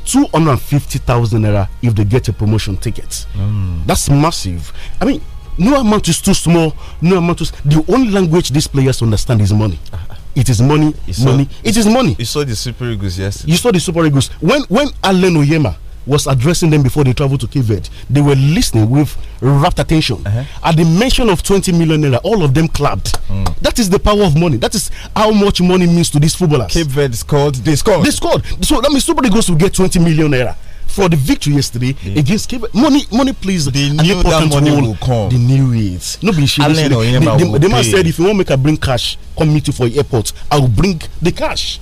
250,000 naira if they get a promotion ticket. Mm. That's massive. I mean, no amount is too small. No amount is. The only language these players understand is money. It is money, you money. it is money. You saw the Super Eagles yesterday. You saw the Super Eagles. When when Allen Oyema was addressing them before they traveled to Kivet. They were listening with rapt attention. Uh -huh. At the mention of 20 million naira, all of them clapped. Mm. That is the power of money. That is how much money means to these footballers. Cape Verde scored. They scored. They scored. So that means somebody goes to get 20 million naira for the victory yesterday mm. against Cape Money, money please. The new important money role. Will come. The new it. No, be sure. the, the, the, the man said, if you want to make a bring cash, come meet you for the airport. I will bring the cash.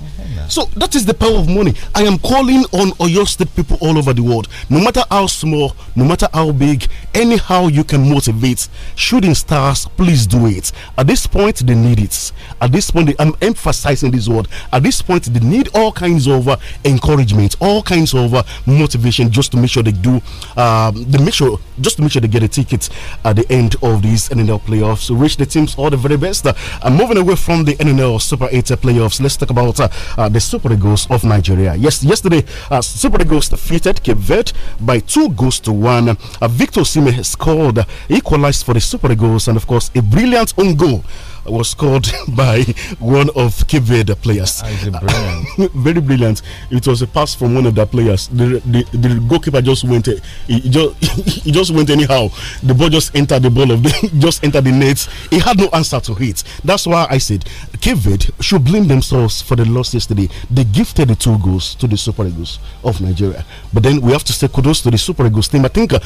So that is the power of money. I am calling on Oyo State people all over the world. No matter how small, no matter how big, anyhow you can motivate shooting stars, please do it. At this point, they need it. At this point, I'm emphasizing this word. At this point, they need all kinds of uh, encouragement, all kinds of uh, motivation just to make sure they do, um, they make sure just to make sure they get a ticket at the end of these NNL playoffs. So wish the teams all the very best. Uh, moving away from the NNL Super 8 playoffs, let's talk about uh, uh, the Super Eagles of Nigeria. Yes, yesterday uh, Super Eagles defeated Cape Verde by two goals to one. Uh, Victor Sime scored, uh, equalized for the Super Eagles, and of course a brilliant own goal was scored by one of Cape Verde players. Ah, brilliant. Very brilliant. It was a pass from one of the players. The, the, the goalkeeper just went, eh, he just, he just went anyhow. The ball just entered the ball of the, just entered the net. He had no answer to it. That's why I said Cape Verde should blame themselves for the loss yesterday. They gifted the two goals to the Super Eagles of Nigeria. But then we have to say kudos to the Super Eagles team. I think uh,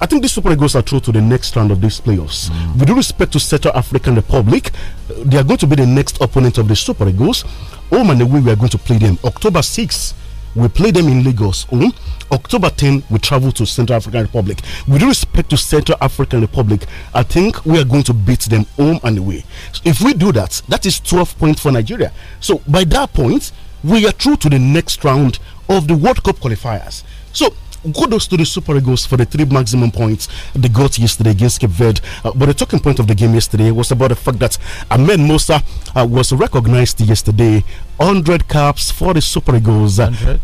I think the Super Eagles are through to the next round of these playoffs. Mm. With due respect to Central African Republic, they are going to be the next opponent of the Super Eagles. Home and away, we are going to play them. October 6th, we play them in Lagos. Home. October 10, we travel to Central African Republic. With respect to Central African Republic, I think we are going to beat them home and away. If we do that, that is 12 points for Nigeria. So by that point, we are through to the next round of the World Cup qualifiers. So kudos to the Super Eagles for the three maximum points they got yesterday against Cape Verde. Uh, but the talking point of the game yesterday was about the fact that Ahmed Musa uh, was recognized yesterday. 100 caps for the Super Eagles. 100?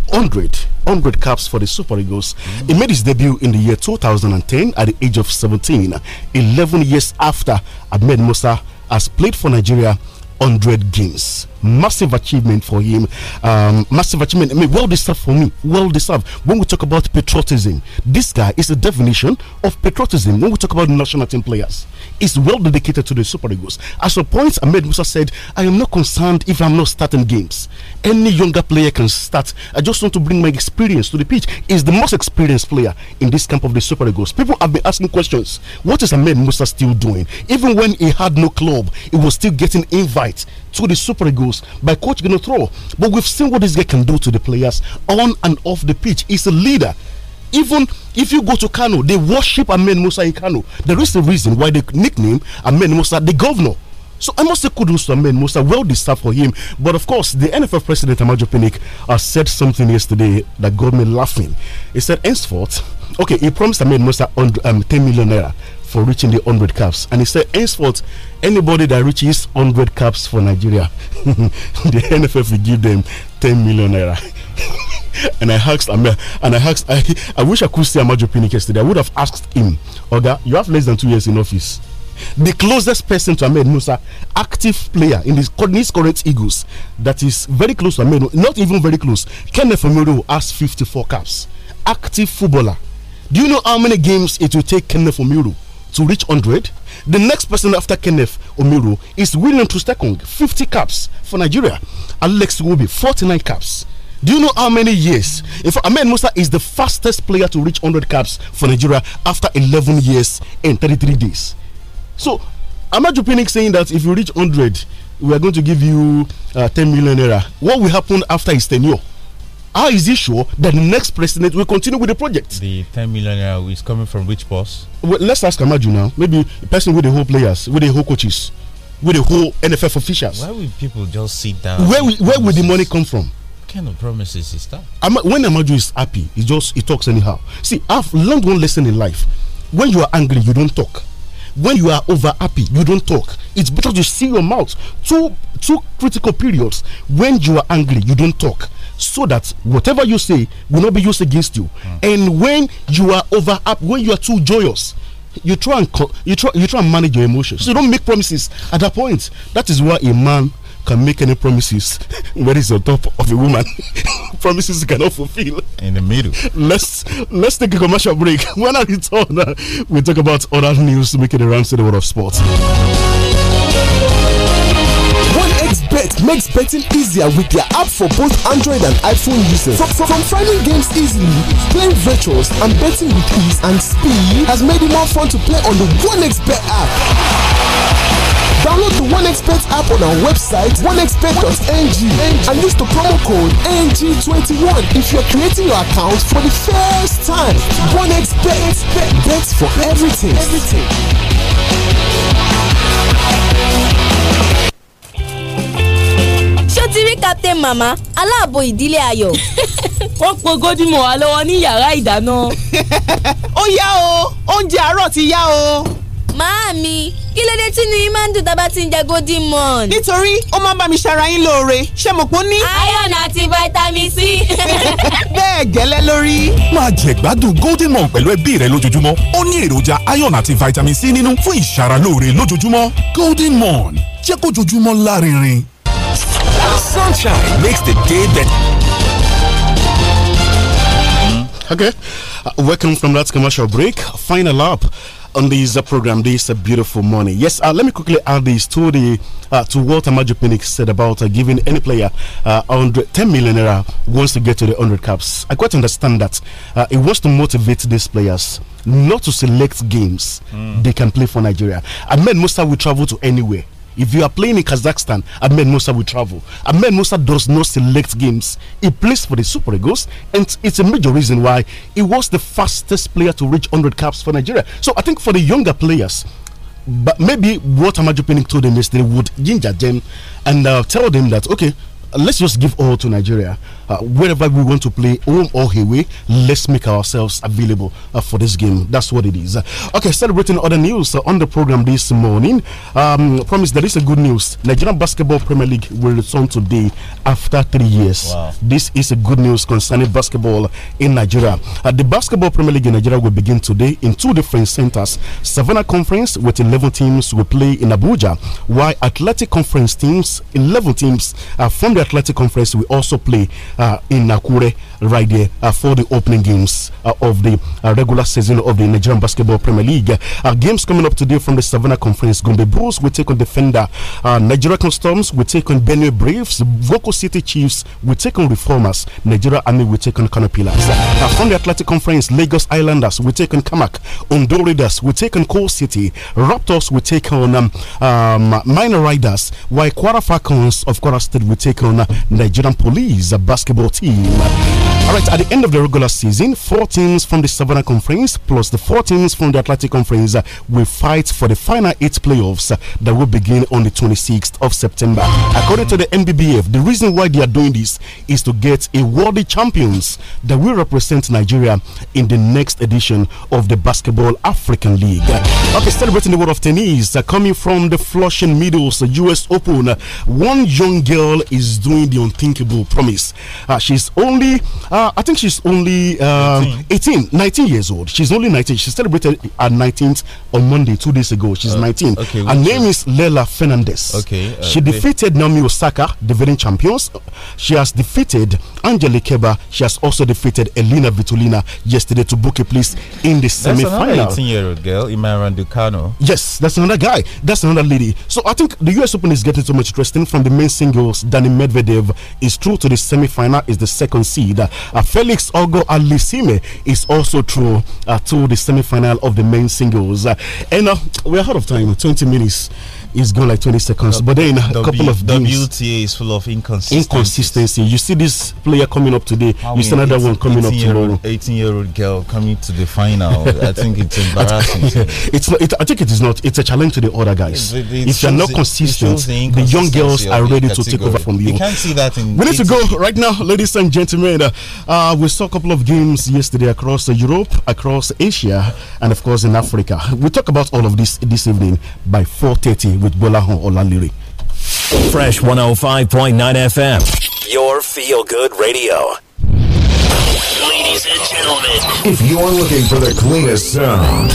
100. caps for the Super Eagles. Mm. He made his debut in the year 2010 at the age of 17, 11 years after Ahmed Musa has played for Nigeria 100 games. Massive achievement for him. Um, massive achievement. I mean, well deserved for me. Well deserved. When we talk about patriotism, this guy is the definition of patriotism. When we talk about national team players, he's well dedicated to the Super Eagles. As a point, Ahmed Musa said, I am not concerned if I'm not starting games. Any younger player can start. I just want to bring my experience to the pitch. Is the most experienced player in this camp of the Super Eagles. People have been asking questions. What is Ahmed Musa still doing? Even when he had no club, he was still getting invites to the Super Eagles by Coach Genothro. But we've seen what this guy can do to the players on and off the pitch. He's a leader. Even if you go to Kano, they worship Amen Musa in Kano. There is a reason why they nickname Amen Musa the governor. So I must say kudos to Amen Musa, well deserved for him. But of course, the NFL president Amajo Pinnick uh, said something yesterday that got me laughing. He said, henceforth, okay, he promised Amen Musa on, um, 10 million naira for reaching the 100 caps. And he said, henceforth, anybody that reaches 100 caps for Nigeria, the NFF will give them 10 million naira. and I asked Amir, and I asked, I, I wish I could see Amajo Pinnick yesterday. I would have asked him, Oga, you have less than two years in office. The closest person to Ahmed Musa, active player in his, his current Eagles, that is very close to Ahmed, not even very close. Kenneth Omero has 54 caps. Active footballer. Do you know how many games it will take Kenneth Omero to reach 100. The next person after Kenneth Omiru is William on 50 caps for Nigeria. Alex Iwobi, 49 caps. Do you know how many years? In fact, Ahmed Musa is the fastest player to reach 100 caps for Nigeria after 11 years and 33 days. So, Ahmad Jupinik saying that if you reach 100, we are going to give you uh, 10 million naira. What will happen after his tenure? How is he sure that the next president will continue with the project? The 10 million is coming from which boss? Well, let's ask Amaju now. Maybe a person with the whole players, with the whole coaches, with the whole NFF officials. Why would people just sit down? Where, we, where would the money come from? What kind of promises is that? when Amaju is happy, he just he talks anyhow. See, I've learned one lesson in life. When you are angry, you don't talk when you are over happy you don't talk it's better to seal your mouth two two critical periods when you are angry you don't talk so that whatever you say will not be used against you. Mm. And when you are over up, when you are too joyous, you try and you try you try and manage your emotions. So you don't make promises at that point. That is why a man can make any promises when he's on top of a woman. promises cannot fulfill. In the middle. Let's let's take a commercial break. When I return, uh, we talk about other news making around to the world of sports. Bet makes betting easier with their app for both Android and iPhone users. From, from, from finding games easily, playing virtuals, and betting with ease and speed has made it more fun to play on the 1xBet app. Download the 1XBet app on our website, 1XBet.ng, and use the promo code NG21 if you're creating your account for the first time. 1XBet bets for everything. everything. rí captain mama aláàbò ìdílé ayọ̀. wọ́n po gódìmọ̀ wa lọ́wọ́ ní yàrá ìdáná. ó yá o oúnjẹ àárọ̀ ti yá o. màámi kí ló dé tí inú máa ń dùn tá a bá ti ń jẹ golden morn. nítorí ó máa ń bá mi ṣara yín lóore ṣé mo pọ́n ní. iron àti vitamin c. bẹ́ẹ̀ gẹ́lẹ́ lórí. máa jẹ gbádùn golden morn pẹ̀lú ẹbí rẹ lójoojúmọ́ ó ní èròjà iron àti vitamin c nínú fún ìṣara lóore lójoojúmọ́ golden morn jẹ́ kójoojúmọ́ lárinrin. Sunshine makes the day better. Hmm? Okay, uh, welcome from that commercial break. Final up on this uh, program this uh, beautiful morning. Yes, uh, let me quickly add this to the uh, to what Amadio Penix said about uh, giving any player uh, 110 million naira wants to get to the 100 caps. I quite understand that. Uh, it wants to motivate these players not to select games mm. they can play for Nigeria. I mean, most of will travel to anywhere if you are playing in Kazakhstan, Ahmed Musa will travel. Ahmed Musa does not select games. He plays for the Super Eagles, and it's a major reason why he was the fastest player to reach 100 caps for Nigeria. So I think for the younger players, but maybe what Amaju Pinnick told them yesterday would ginger them and uh, tell them that, okay, let's just give all to Nigeria uh, wherever we want to play, home or away, let's make ourselves available uh, for this game. That's what it is. Uh, okay, celebrating other news uh, on the program this morning. Um, I promise there is a good news. Nigerian Basketball Premier League will return today after three years. Wow. This is a good news concerning basketball in Nigeria. Uh, the Basketball Premier League in Nigeria will begin today in two different centers. Savannah Conference with 11 teams will play in Abuja, while Athletic Conference teams, 11 teams from the Athletic Conference will also play uh, ah, in Nakure right there uh, for the opening games uh, of the uh, regular season of the Nigerian Basketball Premier League. games coming up today from the Savannah Conference. Gombe Bulls will take on Defender. Nigeria Customs will take on Benue Braves. Voco City Chiefs will take on Reformers. Nigeria Army will take on Canopilas. from the Atlantic Conference, Lagos Islanders will take on Kamak. Ondo Raiders will take on Coal City. Raptors will take on um, um, Minor Riders. While Quara Falcons of Quara State will take on uh, Nigerian Police uh, basketball team. All right, at the end of the regular season, four teams from the Savannah Conference plus the four teams from the Atlantic Conference uh, will fight for the final eight playoffs uh, that will begin on the 26th of September. According to the MBBF, the reason why they are doing this is to get a worthy champions that will represent Nigeria in the next edition of the Basketball African League. Uh, okay, celebrating the world of tennis, uh, coming from the Flushing Meadows US Open, uh, one young girl is doing the unthinkable promise. Uh, she's only uh, I think she's only um, 18, 19 years old. She's only 19. She celebrated her 19th on Monday, two days ago. She's uh, 19. Okay, her name is Leila Fernandez. Okay. Uh, she defeated Naomi Osaka, defending champions. She has defeated Angelique Keba. She has also defeated Elena Vitolina yesterday to book a place in the semi final. 18 year old girl, Imaran Ducano. Yes, that's another guy. That's another lady. So I think the US Open is getting so much interesting from the main singles. Danny Medvedev is through to the semi final, is the second seed. Uh, Felix Ogo Alisime is also through uh, to the semi final of the main singles. Uh, and uh, we are out of time, 20 minutes it's gone like 20 seconds. But then a couple of WTA is full of inconsistency. Inconsistency. You see this player coming up today. How you see another one coming up tomorrow. 18 year old girl coming to the final. I think it's embarrassing. It's not. It, I think it is not. It's a challenge to the other guys. It, it if you're not consistent, the, the, young girls are ready to take over from you. You can't see that in. We need to go right now, ladies and gentlemen. Uh, we saw a couple of games yesterday across Europe, across Asia, and of course in Africa. We talk about all of this this evening by 4:30 with Bolahan Fresh 105.9 FM, your feel good radio. Ladies and gentlemen, if you're looking for the cleanest sound,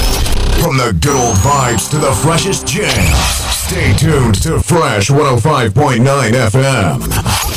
from the good old vibes to the freshest jams, stay tuned to Fresh 105.9 FM.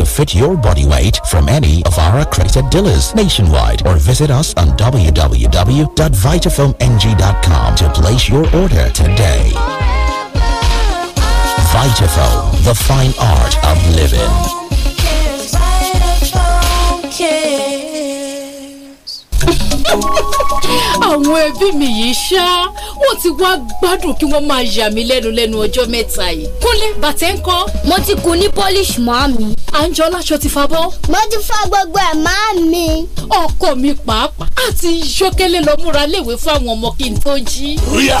to fit your body weight from any of our accredited dealers nationwide or visit us on www.vitafilmng.com to place your order today. Vitafilm, the fine art of living. Cares, àwọn ẹbí mi yìí ṣá wọn ti wá gbádùn kí wọ́n máa yà mí lẹ́nu lẹ́nu ọjọ́ mẹ́ta yìí. kúnlé bàtẹ́ ń kọ́. mo ti kun ní polish mọ́ mi. àǹjọ láṣọ ti fa bọ́. mo ti fa gbogbo ẹ̀ máa mi. ọkọ mi pàápàá àti ṣókélé lọ múra léwe fún àwọn ọmọ kí n tó jí. ríà.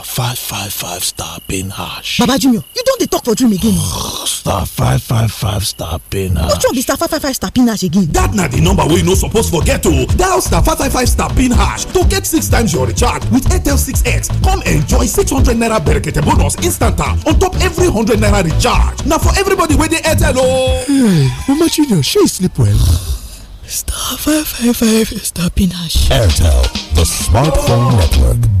five five five star being harsh. baba junior you don't talk for dream again. star five five five star being harsh. which one be star five five five star being harsh again. That na the number we no supposed forget to. dial star five five five star being harsh to get six times your recharge with airtel 6x come enjoy six hundred naira berekete bonus instant on top every hundred naira recharge Now for everybody with the airtel o. hey mama junior she sleep well. star five five five star pin hash. airtel the smartphone network.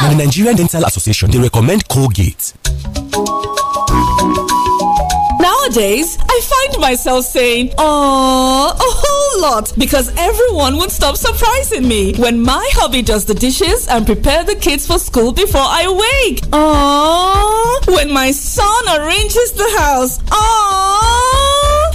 Now, the Nigerian Dental Association, they recommend Colgate. Nowadays, I find myself saying, "Oh, a whole lot because everyone would stop surprising me when my hubby does the dishes and prepare the kids for school before I wake. Oh, when my son arranges the house. Oh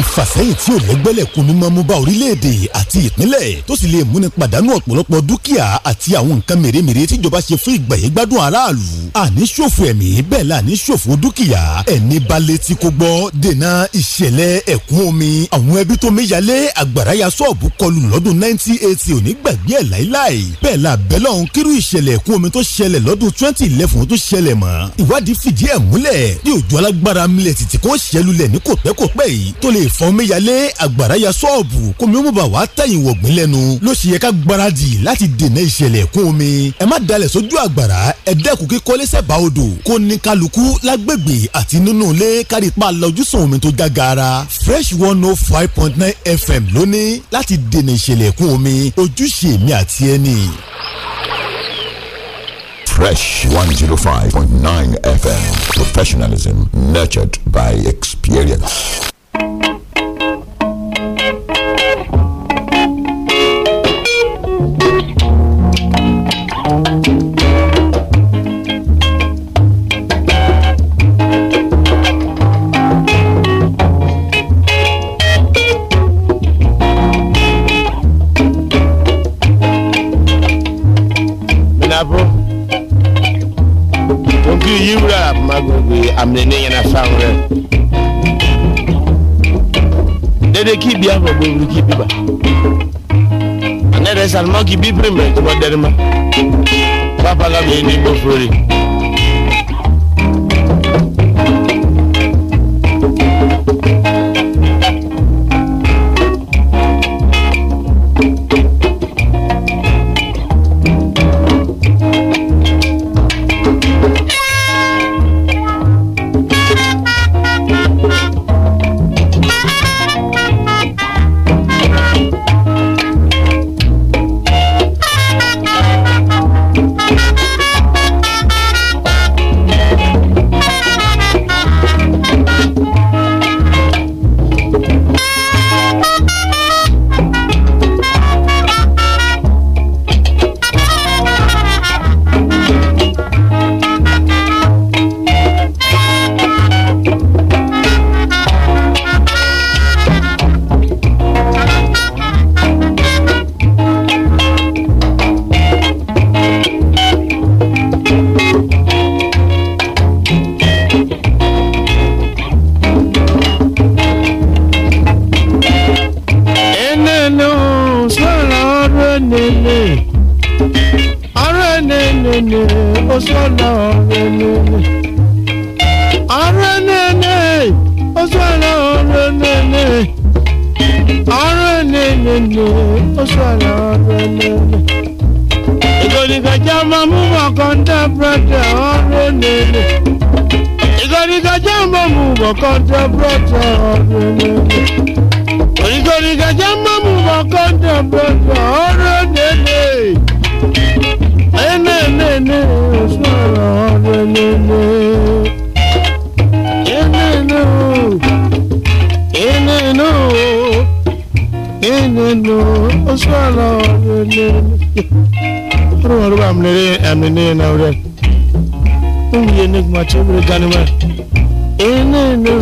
ìfàsẹ́yìn tí ò lẹ́gbẹ́lẹ̀kùn ní máa mú bá orílẹ̀-èdè àti ìpínlẹ̀ tó sì lè múni pàdánù ọ̀pọ̀lọpọ̀ dúkìá àti àwọn nǹkan mèremère tíjọba ṣe fún ìgbàyẹ̀gbádùn aráàlú àní ṣòfò ẹ̀mí bẹ́ẹ̀ la ní ṣòfò dúkìá ẹni bá létí kó gbọ́ dènà ìṣẹ̀lẹ̀ ẹ̀kún omi àwọn ẹbí tó méyalé àgbàrá ya sọ́ọ̀bù kọlù lọ́dún 1980 ò ní gbàgbé ẹ̀ láíláì bẹ́ẹ̀ la bẹ́lọ̀ ń kírú ìṣẹ̀lẹ̀ ẹ̀kún omi tó ṣẹlẹ̀ lọ́dún 2011 tó ṣẹlẹ̀ mọ́ ìwádìí fìdí ẹ̀ múlẹ̀ ní òjò alágbára milẹ̀ títí kó ìfọ́n mẹ́yàlé sọ́ọ̀bù kó ó mọ̀ bá wàá tẹ̀yìn wọ̀gbìn lẹ́nu ló ṣe yẹ ká gbáradì láti dènà ìṣẹ̀lẹ̀ kún omi ẹ má dalẹ̀ sójú àgbàrá ẹ kíkọ́lé sẹ́bà odò kó ní kálukú lágbègbè àti nínú ilé kárí pa lọ́júsàn omi tó já gaara fresh one oh five point nine fm lónìí láti dènà ìṣẹ̀lẹ̀ kún omi ojúṣe mi àti ẹni. Fresh 105.9 FM. Professionalism nurtured by experience. agogoe amene ne nyana fanwerɛ dede ki bi afɔ gbogbo ki bi ba ana yɛrɛ salimaki bi pere mɛ tɔgɔ dɛrɛ ma papa la mi ni bɔ fure. mọ̀ kọ́ńtẹ́ bọ́tà ọ̀rẹ́lẹ́. Oníkóni kẹjẹ mọ́mú mọ̀ kọ́ńtẹ́ bọ́tà ọ̀rẹ́lẹ́lẹ́. Ẹnẹ́nẹ́nẹ́ sọ̀rọ̀ ọ̀rẹ́lẹ́lẹ́. Ẹnẹ́nẹ́ o, ẹnẹ́nẹ́ o, ẹnẹ́nẹ́ o sọ̀rọ̀ ọ̀rẹ́lẹ́lẹ́. Ọ̀rọ̀ wọn ló bá àmì lẹ́rẹ́ àmì lẹ́yìn náà rẹ̀. Ó wù yé nígbà tí ó wúlò gánimá. ಏನೇನು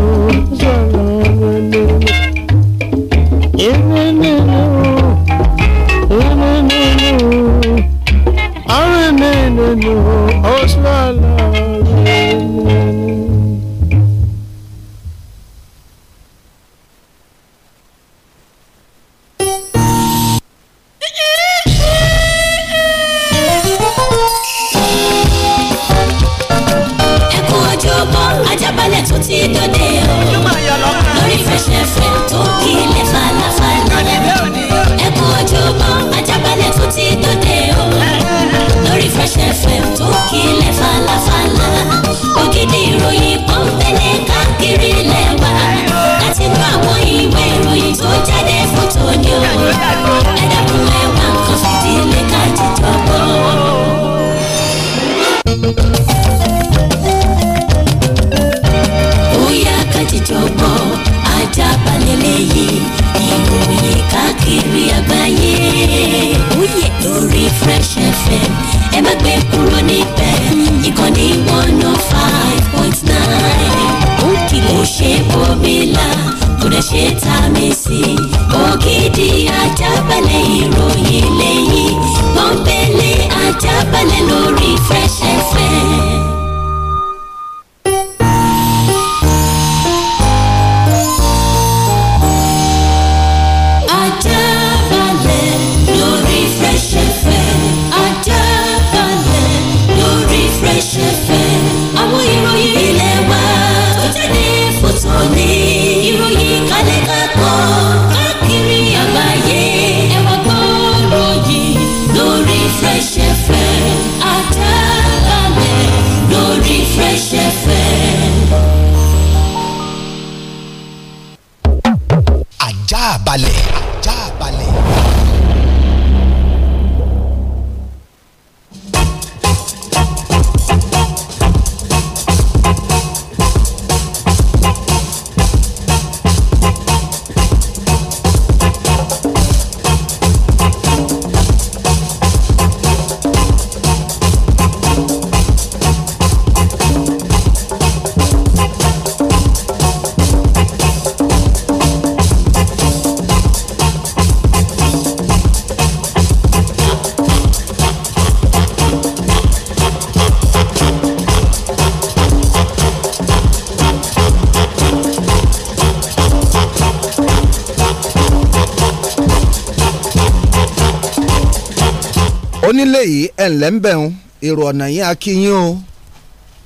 ìṣẹ̀lẹ̀ ń bẹ̀rùn èrò ọ̀nà yín akínyín o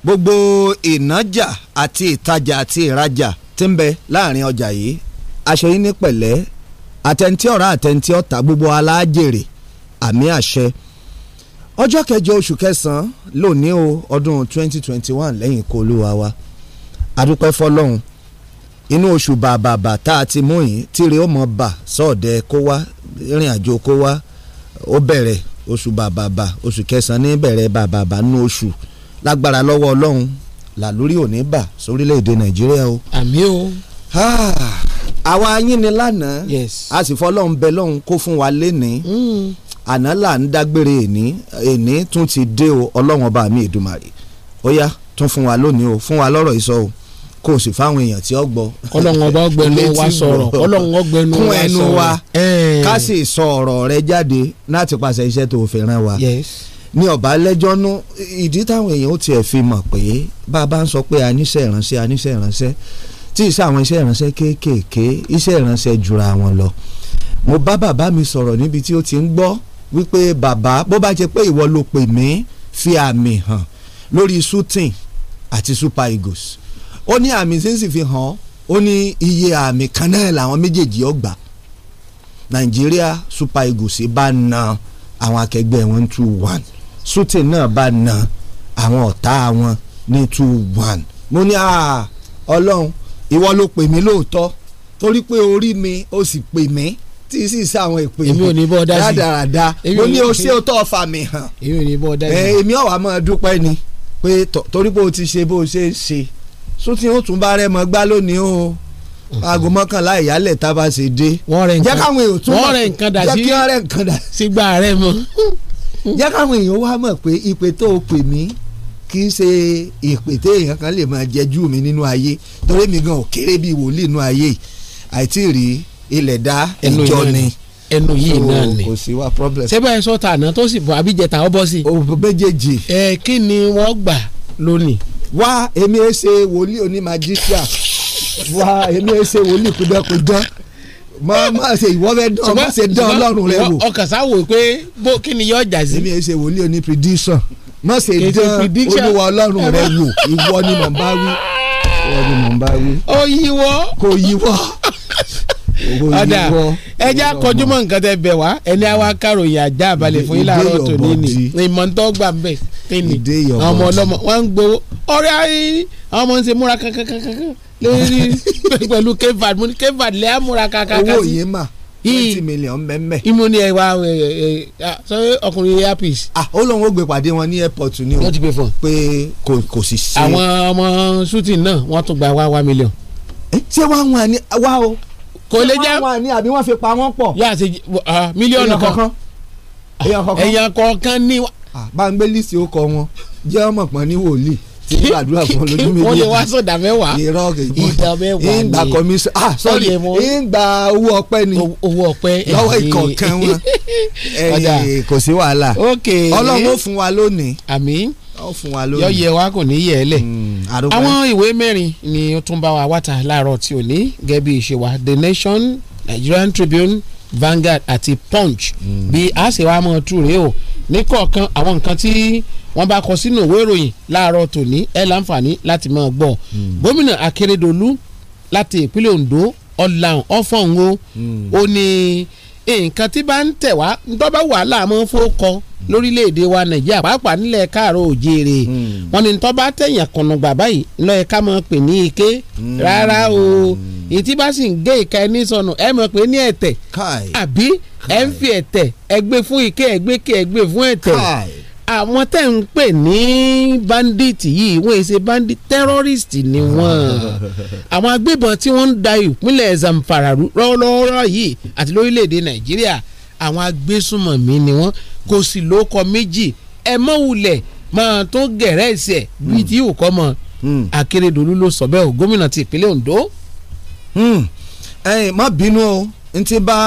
gbogbo ìnájà àti ìtajà àti ìrajà ti ń bẹ láàrin ọjà yìí aṣọ yín ní pẹ̀lẹ́ àtẹ̀ntí ọ̀rá àtẹ̀ntí ọ̀tá gbogbo alájèrè àmì àṣẹ ọjọ́ kẹjọ oṣù kẹsàn-án lónìí o ọdún 2021 lẹ́yìn ikú olúwa wa adúpẹ́ fọlọ́run inú oṣù bàbàbà tá a ti mú yìí tíire ó mọ bà sọ́ọ̀dẹ̀ kó wá ìrìn àjò kó wá ó bẹ̀rẹ̀ oṣù bàbàbà oṣù kẹsàn-án ní bẹ̀rẹ̀ bàbàbà nú oṣù lágbára lọ́wọ́ ọlọ́run làlórí òní bà sórílẹ̀‐èdè nàìjíríà o. àmì o. Ah, àwa yín ni lánàá a sì fọlọ́run bẹ lọ́hùn kó fún wa lénìí hmm. àná là ń dágbére èní èní tún ti dé o ọlọ́run ọba mi Èdùmàrè ó yá tún fún wa lónìí o fún wa lọ́rọ̀ ìsọ o kò sì fáwọn èèyàn tí ó gbọ́. kọ́lọ́hún ọba ọgbẹ́nu wa sọ̀rọ̀ kọ́lọ́hún ọgbẹ́nu wa sọ̀rọ̀. kún ẹnu wa ká sì sọ ọ̀rọ̀ rẹ jáde láti pàṣẹ iṣẹ́ tó fi rán wa. ní ọ̀bá lẹ́jọ́ nú ìdí táwọn èèyàn ó tiẹ̀ fi mọ̀ pé bá a bá ń sọ pé a níṣẹ́ ìránṣẹ́ a níṣẹ́ ìránṣẹ́ tí ìṣe àwọn iṣẹ́ ìránṣẹ́ kéékèèké iṣẹ́ ìránṣẹ́ jura wọn lọ. mo bá bàbá mi sọ̀rọ̀ níbi tí ó ti ń gbọ́ wípé bàbá bó bá jẹ́ pé ìwọ ló pè mí fi àmì hàn lórí shooting àti super eagles ó ní àmì tí ń fi hàn ó ní iye àmì kan náà làwọn méjèèjì ọgbà nàìjíríà super eagles bá na àwọn akẹgbẹ́ wọn two one sutin náà bá na àwọn ọ̀tá wọn ní two one mo ní ọlọ́run ìwọ ló pè mí lóòótọ́ torí pé orí mi ó sì pè mí tí sì sí àwọn ìpè èmi ò ní bọ́ dá sí dáadáa mo ní o ṣé o tọ́ ọ̀fà mi hàn èmi ò ní máa dúpẹ́ ni pé torí pé o ti ṣe bó o ṣe ń ṣe sún tí ó tún bá rẹ mọ gbá lónìí o aago mọ́kànlá ìyálẹ̀ tá a bá ṣe dé jẹ́ káwọn èèyàn tún mọ̀ nǹkan dà sí gbà rẹ mọ́. jẹ́ káwọn èèyàn wá mọ̀ pé ìpè tó o pè mí kì í ṣe ìpè tí èèyàn kan lè máa jẹjú mi nínú ayé torí mi gan ò kéré bíi wòlíì nínú ayé àìtí rí ilẹ̀ dá ìjọ ni ẹnu yìí náà ni kò sí wa problem. sẹ́bẹ̀ ẹ̀ sọ́ta àná tó sì bọ̀ àbíjẹta ọ bọ́ sí. òbí méjèèjì. ẹ kí ni wọ́n gbà lónìí wá èmi ẹ ṣe wòlíì oní magíṣíà wá èmi ẹ ṣe wòlíì kúdẹ́kúdẹ́ mọ mọ ṣe ìwọ fẹ dán mọ ṣe dán Ọlọ́run rẹ wò ọkàn sá wò pé bó kí ni yóò jà èmi ẹ ṣe wòlíì oní prediction mọ ṣe dán Olúwa Ọlọ́run rẹ wò ìwọ ni mò ń bá wí ìwọ ni mò ń bá wí. ó yíwọ́. kò yíwọ́. ọ̀dà ẹja kọjúmọ́ nǹkan tẹ bẹ̀ wá ẹni àwa kàròyìn ajá balẹ̀ fún yín láàárọ̀ tó ní ni ìmọ̀ntọ́ gbà ń bẹ̀ tẹ́ni ọmọ ọlọ́mọ wọn ń gbowó ọ̀rẹ́ ayé àwọn ọmọ ń ṣe múra kankankankan lórí pẹ̀lú kevard mo ní kevard lẹ́yà múra kankankan sí. owó yìí mà twenty million mbẹ́mbẹ́. imu ni ẹ wa sọ ọkùnrin earpiece. ah ó lóun ó gbé pàdé wọn ní airport ni o. wọ́n ti gbé fún un. pé kò sì ṣe. àwọn ọmọ shooting náà wọ́n tún gba one one million. Eh, ṣé wàá wọn ni wá o kò lè jẹ́ wọ́n wà ní àbí wọ́n fi pa wọ́n pọ̀. yà á ṣe ah, mílíọ̀nù kan èèyàn kọ̀ọ̀kan ní. báńgbé lísì ó kọ wọn jẹ́ ọmọ pọ̀ ní wòlíì tí ó gbàdúrà fún lójú méjì. wọ́n lè wá sọ̀dà mẹ́wàá. irọ́ ìdá mẹ́wàá ni ìgbà kọ́mísọ ah sorry ìgbà owó ọpẹ́ ni owó ọpẹ́ lọ́wọ́ ìkọ̀ọ̀kan wọn kò sí wàhálà ọlọ́run ó fún wa lónìí. àmín ó fún wa lórí yọ̀yẹ̀ wa kò ní yẹ̀ ẹ́ lẹ̀ hmm, àwọn ìwé mẹ́rin ni ó tún bá wa wáta láàárọ̀ tí ò ní gẹ́gẹ́ bí ìṣe wa The Nation, Nigerian Tribune, Vanguard àti Punch hmm. bí a ṣe wá mọ́ tú rèé o ní kọ̀ọ̀kan àwọn nǹkan tí wọ́n bá kọ sínú ìwé ìròyìn láàárọ̀ tòní ẹ̀ láǹfààní láti máa gbọ́ hmm. gómìnà Akérédolú láti ìpínlẹ̀ Ondo ọ̀làǹ ọ̀fọ̀ǹwó ó ní. nǹkan tí bá ń tẹ̀ wá ńdọ́bà wàhálà máa ń lórílẹ̀‐èdè wa nàìjíríà pàápàá nílẹ̀ káàró òjèèrè hmm. wọn ni tọ́ba tẹ̀yàn kùnú bàbá yìí lọ́yẹ̀ ká máa pè ní ike hmm. rárá o ìtí bá sì ń gé ìka ẹni sọnù ẹ máa pè ní ẹ̀tẹ̀ àbí ẹ̀ ń fi ẹ̀tẹ̀ ẹgbẹ́ fún ike ẹgbẹ́ kí ẹgbẹ́ fún ẹ̀tẹ̀. àwọn tẹ̀ ń pè ní bandit yìí wọ́n èsè bandit terrorist ni wọ́n àwọn agbébọn tí wọ́n ń da ìpínlẹ̀ Zamfara lọ́wọ́lọ́wọ́ yìí àti lórílẹ̀‐èdè Nàìjíríà àwọn agbésùmọ̀mí ni wọ́n kò sì lóko méjì ẹ mọ́ wulẹ̀ máa tó gẹ̀rẹ́ ẹ̀sẹ̀ bíi hmm. tí yóò kọ́ mọ́ hmm. Akérédolú ló sọ bẹ́ẹ̀ o gómìnà ti ìpínlẹ̀ Ondo. Hmm. ẹ má bínú o n ti bá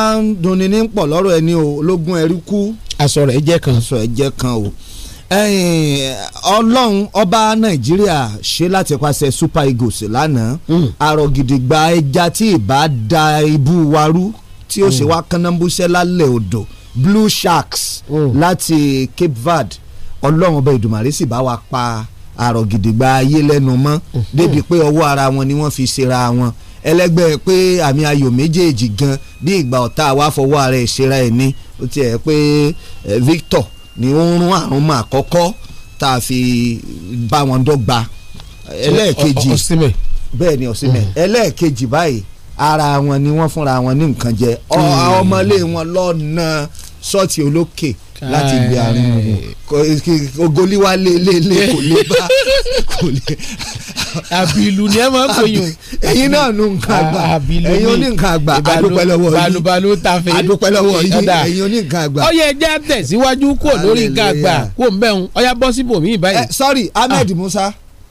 dunni ní pọ̀ lọ́rọ̀ ẹni o ológun ẹ̀rí kú. aṣọ rẹ̀ jẹ́ kan. aṣọ rẹ̀ jẹ́ kan o ọlọ́run ọba nàìjíríà ṣe láti pàṣẹ super eagles lánàá hmm. àrògìdìgbà ẹja tí ìbá da ibú warú tí ó ṣe hmm. wá kánábúṣẹ́ lálẹ́ odò blue sharks mm. láti cape verde ọlọ́run ọba ìdùmàrè sì bá wa pa àrògìdìgbà ayé lẹ́nu mọ́ hmm. débi pé ọwọ́ ara wọn ni wọ́n fi ṣera wọn ẹlẹ́gbẹ́ pé àmì ayò méjèèjì gan bí ìgbà ọ̀tá wa fọwọ́ ara ẹ̀ ṣera ẹ̀ ní ó ti ẹ̀ pé eh, Victor ni ó ń rún àrùn mọ́ àkọ́kọ́ tá a fi bá wọn dọ́gba ẹlẹ́ẹ̀kejì bẹ́ẹ̀ ni ọ̀sìnmẹ̀ mm. ẹlẹ́ẹ̀kejì báyìí ara wọn ni wọ́n fúnra wọn ní nǹkan jẹ mm. ọmọlé wọn lọ́nà sọ́ọ̀tì olókè láti gbé àrùn ogoliwa lélẹ́lẹ́ kò lè bá kò lè àbìlù ni ẹ máa ń pè yùn. ẹ̀yin náà nu nǹkan àgbà ah, ẹ̀yin oní nǹkan àgbà adúpẹ́ lọ́wọ́ yìí balùbalù ta fẹ́ adúpẹ́ lọ́wọ́ yìí ẹ̀yin oní nǹkan àgbà. ọyẹ ẹjẹ tẹ̀síwájú kò lórí nǹkan àgbà kò ń bẹ̀rù ọyá bọ́ síbò mí báyìí. Eh, sorry Ahmed ah. Musa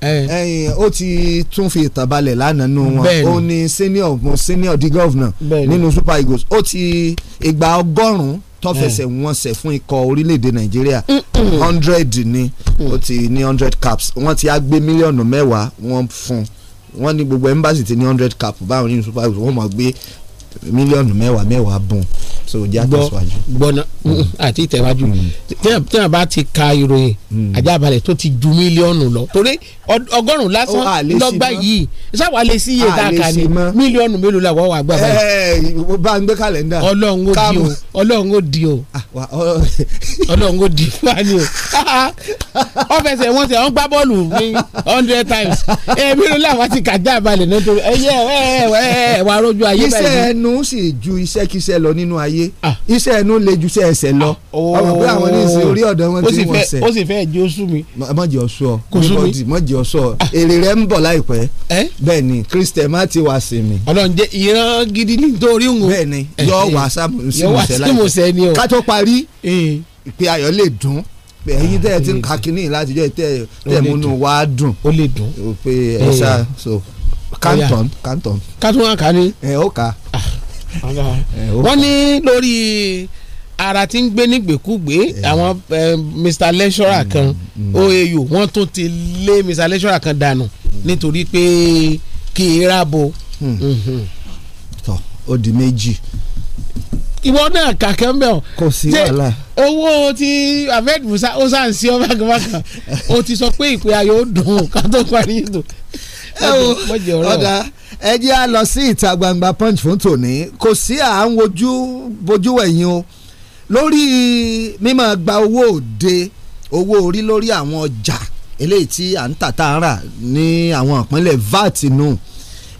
ẹyin eh. eh, ó ti tún fi ìtàn balẹ̀ lánàá nù wọn ó ní senior senior di governor nínú Super Eagles ó ti ìgbà ọgọ́rùn-ún tó mm. fẹsẹ̀ wọn sẹ̀ fún ikọ̀ orílẹ̀-èdè nàìjíríà hundred ni mm. ó ti ní hundred caps wọ́n ti á gbé mílíọ̀nù mẹ́wàá wọ́n fún un wọ́n ní gbogbo embassy ti ní hundred cap báwọn ní super eagles wọ́n máa gbé mílíọ̀nù mẹ́wàá mẹ́wàá bùn so jẹ́ àtẹ̀síwájú. gbọ́nà àti ìtẹ̀wájú tí wọ́n bá ti ka ìròyìn àjábalẹ̀ tó ti ju mílíọ̀nù lọ torí ọgọ́rùn lásán lọ́gbà yìí sáwà lè sí iye tá a kà ní mílíọ̀nù mélòó làwọn wà gbà báyìí. bá a ń gbé kàlẹ́ndà. ọlọ́run ó di o ọlọ́run ó di o ah, ọlọ́run ó di wá ní o ọfẹsẹ̀ wọn ti àwọn gbá bọ́ọ̀lù ní hundred times ẹ mélòó làwọn ti kà jábalẹ̀ nítorí ẹ yẹ ẹ ẹ wà rójú ayé báyìí ẹnu sì ju iṣẹ́kíṣẹ́ lọ nínú ayé iṣẹ́ ẹnu le ju iṣẹ́ ẹsẹ̀ lọ oh. ọmọ pé àwọn ní ìsìn orí ọ̀dọ́ wọn ti wọ́n sẹ̀. ó sì fẹ́ jẹ́ oṣù mi. mọ̀jẹ̀ ọ̀ṣọ́ mọ̀jẹ̀ ọ̀ṣọ́ èrè rẹ̀ ń bọ̀ láìpẹ́ bẹ́ẹ̀ ni kristẹ má ti wá sí mi. ọlọ́run jẹ́ ìran gidi nítorí òun. bẹ́ẹ̀ ni yọ wá símùsẹ̀ láìpẹ́ ká tó parí ìpè ayọ̀ lè dùn ẹ̀yin tẹ́ ẹ ti ń ka kínní láti jẹ́ tẹ́ ẹ múnú wa dùn. ó lè dùn. pé ẹ ṣá so canton canton. ká tún kà ní. ẹ ó kà wọ́n ní lórí ara tí ń gbé nígbèkúgbé àwọn eh, mr lecturer mm, kan mm. oau wọ́n tún ti lé mr lecturer kan dànù mm. nítorí pé kì í rábo. Hmm. Mm-hmm. ó di méjì ìwọ náà kàkẹ́ ń bẹ̀ ọ́ kò sí wàhálà owó tí ahmed musa ó sàn sí ọ bákàbákà ó ti sọ pé ìpè ayò ó dùn ká tó parí ètò. ẹ wo ọ̀dà ẹ jẹ́ à lọ sí ìta gbangba punch fún tòní kò sí à ń wojú bojú ẹ̀yìn o lórí mímọ́ gba owó òde owó orí lórí àwọn ọjà eléyìí tí à ń tàtà rà ní àwọn ìpínlẹ̀ vat nù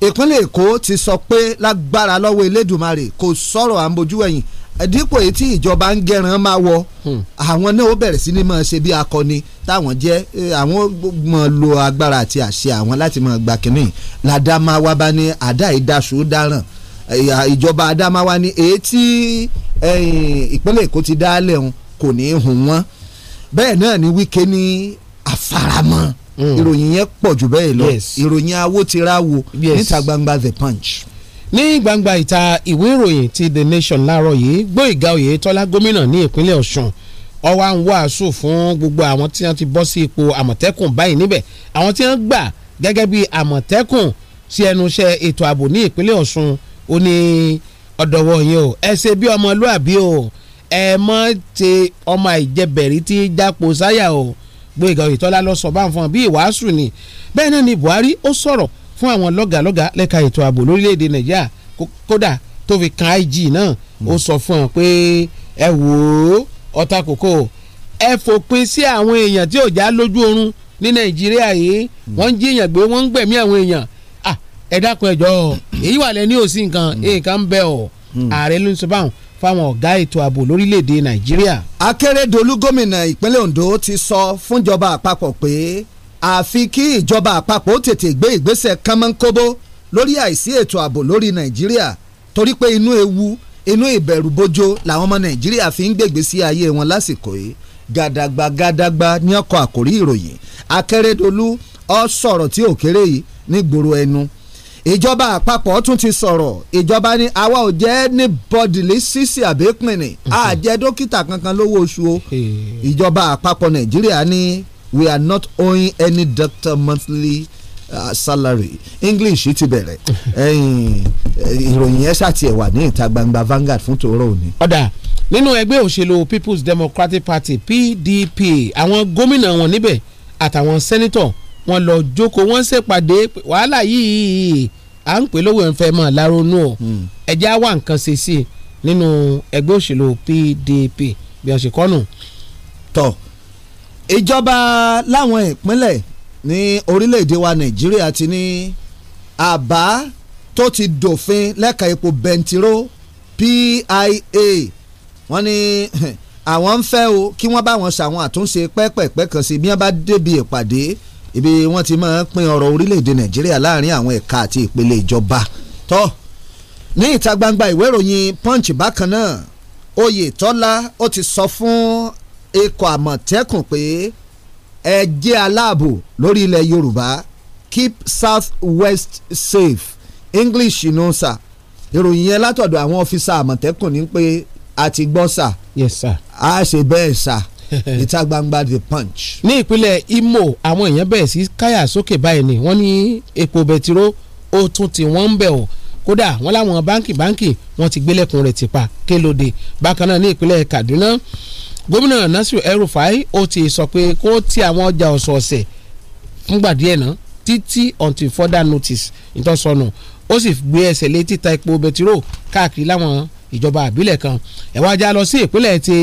ìpínlẹ̀ èkó ti sọ pé lágbára lọ́wọ́ elédùnmarè kò sọ̀rọ̀ à ń bojú ẹ̀yìn dípò èyí tí ìjọba ń gẹran máa wọ hmm. àwọn náà ó bẹ̀rẹ̀ sí ni máa ṣe bí akọni táwọn jẹ́ eh, àwọn máa lo agbára àti àṣẹ àwọn láti máa gba kínní làdámáwá bá ní àdá ìdásù dáràn ìjọba adámáwá ní èyí eh, ìpínlẹ̀ èkó ti dálẹ̀ ń kò ní í hùn wọ́n bẹ́ẹ̀ náà ni wíkẹ́ ní àfaramọ́ hmm. ìròyìn yẹn pọ̀ jù bẹ́ẹ̀ lọ ìròyìn awó ti ra níta gbangba the punch ní gbangba ìta ìwé ìròyìn ti the nation láàárọ̀ yìí Gbóyèga Oyètọ́lá gómìnà ní ìpínlẹ̀ Ọ̀ṣun ọwọ́ à ń wàásù fún gbogbo àwọn tí wọ́n ti bọ́ sí ipò àmọ̀tẹ́kùn báyìí níbẹ̀ àwọn tí wọ́n gbà gẹ́gẹ́ bí àmọ̀tẹ́kùn sí ẹnu iṣẹ́ ètò ààbò ní ìpínlẹ̀ Ọ̀ṣun ó ní ọ̀dọ̀wọ̀ yìí o ẹ ṣe bí ọmọlúàbí o ẹ mọ́ ti ọmọ ìjẹbẹ̀rí tí jápo sáyà o Gbóyèga Oyètọ́lá lọ sọ bá ń fọn bí ni bẹ́ẹ̀ ni Buhari ó sọ̀rọ̀ fún àwọn lọ́gàlọ́gà lẹ́ka ètò ààbò lórílẹ̀‐èdè nàìjíríà kódà tó fi kan IG náà ó hmm. sọ fún wọn pé ẹ wò ó ọ̀tá kòkó ẹ fòpin sí àwọn èèyàn tí ò já lójú oorun ní nàìjíríà yìí hmm. wọ́n ń jí gbé wọ́n ń gbẹ̀mí àwọn èèyàn ẹ dákun ẹjọ́ hmm. èyí wà lẹ́ni òsì nǹkan nǹkan ń bẹ ọ́ ààrẹ ló ń sọ báwọn fáwọn ọ̀gá ètò ààbò lórílẹ̀ ondo ti sọ fúnjọba àpapọ̀ pé àfi kí ìjọba àpapọ̀ tètè gbé ìgbésẹ̀ kánmọ́nkóbó lórí àìsí ètò ààbò lórí nàìjíríà torí pé inú ewu inú ìbẹ̀rù bójó làwọn ọmọ nàìjíríà fi ń gbègbè sí ayé wọn lásìkò yìí gàdàgbà gàdàgbà ní ọkọ̀ àkórí ìròyìn akérèdọ́lù ọ sọ̀rọ̀ tí ò kéré yìí ní gbòòrò ẹnu ìjọba àpapọ̀ tún ti sọ̀rọ̀ ìjọba ní àwa ò jẹ́ ní bọ́dìlì sísì àbẹ́pìnrin àjẹ́ mm-hmm. dókítà kankan lówó oṣù ìjọba àpapọ̀ nàìjíríà ní we are not owing any doctor monthly uh, salary english ti bẹ̀rẹ̀ eh, ìròyìn ẹ̀ ṣàti ẹ̀ wà ní ìta gbangba Vanguard fún tòórọ́ òní. ọ̀dà nínú ẹgbẹ́ òṣèlú People's Democratic Party PDP àwọn gómìnà wọn níbẹ̀ àtàwọn sẹ́nitọ̀ wọn lọ jókòó wọn ṣèpàdé wàhálà yìí à ń pè lówó ẹ̀fẹ́ mọ̀ láronú o hmm. ẹ̀jẹ̀ á wà nǹkan ṣe sí i nínú ẹgbẹ́ òṣèlú PDP bí wọ́n ṣe kọ́ nù. tọ́ ìjọba láwọn ìpínlẹ̀ ní orílẹ̀-èdè wa nàìjíríà ti ní àbá tó ti dòfin lẹ́ka epo bẹntiró PIA wọ́n ní àwọn ń fẹ́ o kí wọ́n bá wọn ṣàwọn àtúnṣe pẹ́pẹ̀pẹ́ kan sí bí wọ́n bá débi ìpàdé ibi wọ́n ti máa ń pín ọ̀rọ̀ orílẹ̀-èdè nàìjíríà láàrin àwọn ẹ̀ka àti ìpele ìjọba tó ní ìta gbangba ìwé ìròyìn punch bákan náà oyè tọ́lá ó ti sọ fún ikọ̀ àmọ̀tẹ́kùn pé ẹ jẹ́ aláàbò lórí ilẹ̀ yorùbá keep south west safe english you know sir ìròyìn yẹn látọ̀dọ̀ àwọn ọ́fíìsà àmọ̀tẹ́kùn ní pé a ti gbọ́ sà yes sir a ṣe bẹ́ẹ̀ sà ìta gbangba the punch. ní ìpínlẹ̀ imo àwọn èèyàn bẹ̀rẹ̀ sí káyà sókè báyìí ni wọ́n ní epo bẹtiró ó tún ti wọ́n ń bẹ̀ o kódà wọ́n láwọn báǹkì báǹkì wọ́n ti gbélẹ̀kùn rẹ̀ ti pa kélòdè bákan náà ní ìpínlẹ̀ kaduna gómìnà Nasir El-Rufai ó ti sọ pé kó ti àwọn ọjà ọ̀sọ̀ọ̀sẹ̀ fúngbà díẹ̀ náà títí until further notice ìtọ́sọ̀nù ó sì gbé ẹsẹ̀ lé títa epo bẹtiró káàkiri láwọn ìjọba àbílẹ̀ kan ẹ̀wọ́n ajá lọ sí ìpínlẹ̀ ti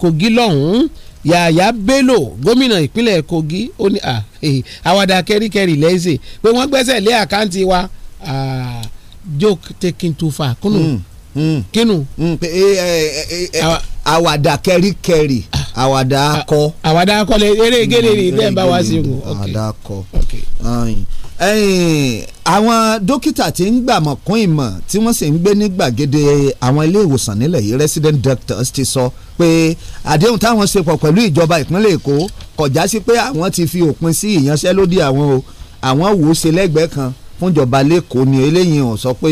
Kogi lọ́hùn-ún Yàyà Bello gómìnà ìpínlẹ̀ Kogi ó ní àwàdà kẹ́ríkẹ́rì lẹ́sẹ̀ pé wọ́n gbẹ́sẹ̀ lé àkáǹtì wa joke taking too far kúnnù kínú àwàdà kẹríkẹrí àwàdà ah, akọ. àwàdà akọ lè eré mm, gèlè rí bẹ́ẹ̀ bá wá sí o. àwàdà akọ àwọn dókítà tí ń gbàmọ̀ kún ìmọ̀ tí wọ́n sì ń gbé ní gbàgede àwọn ilé ìwòsàn nílẹ̀ yìí resident doctors ti sọ pé àdéhùn táwọn ṣe pọ̀ pẹ̀lú ìjọba ìpínlẹ̀ Èkó kọjá sí pé àwọn ti fi òpin sí ìyanṣẹ́lódì àwọn àwọn wò ó ṣe lẹ́gbẹ̀ẹ́ kan fúnjọba lẹ́kọ̀ọ́ ni eléyìí ò sọ pé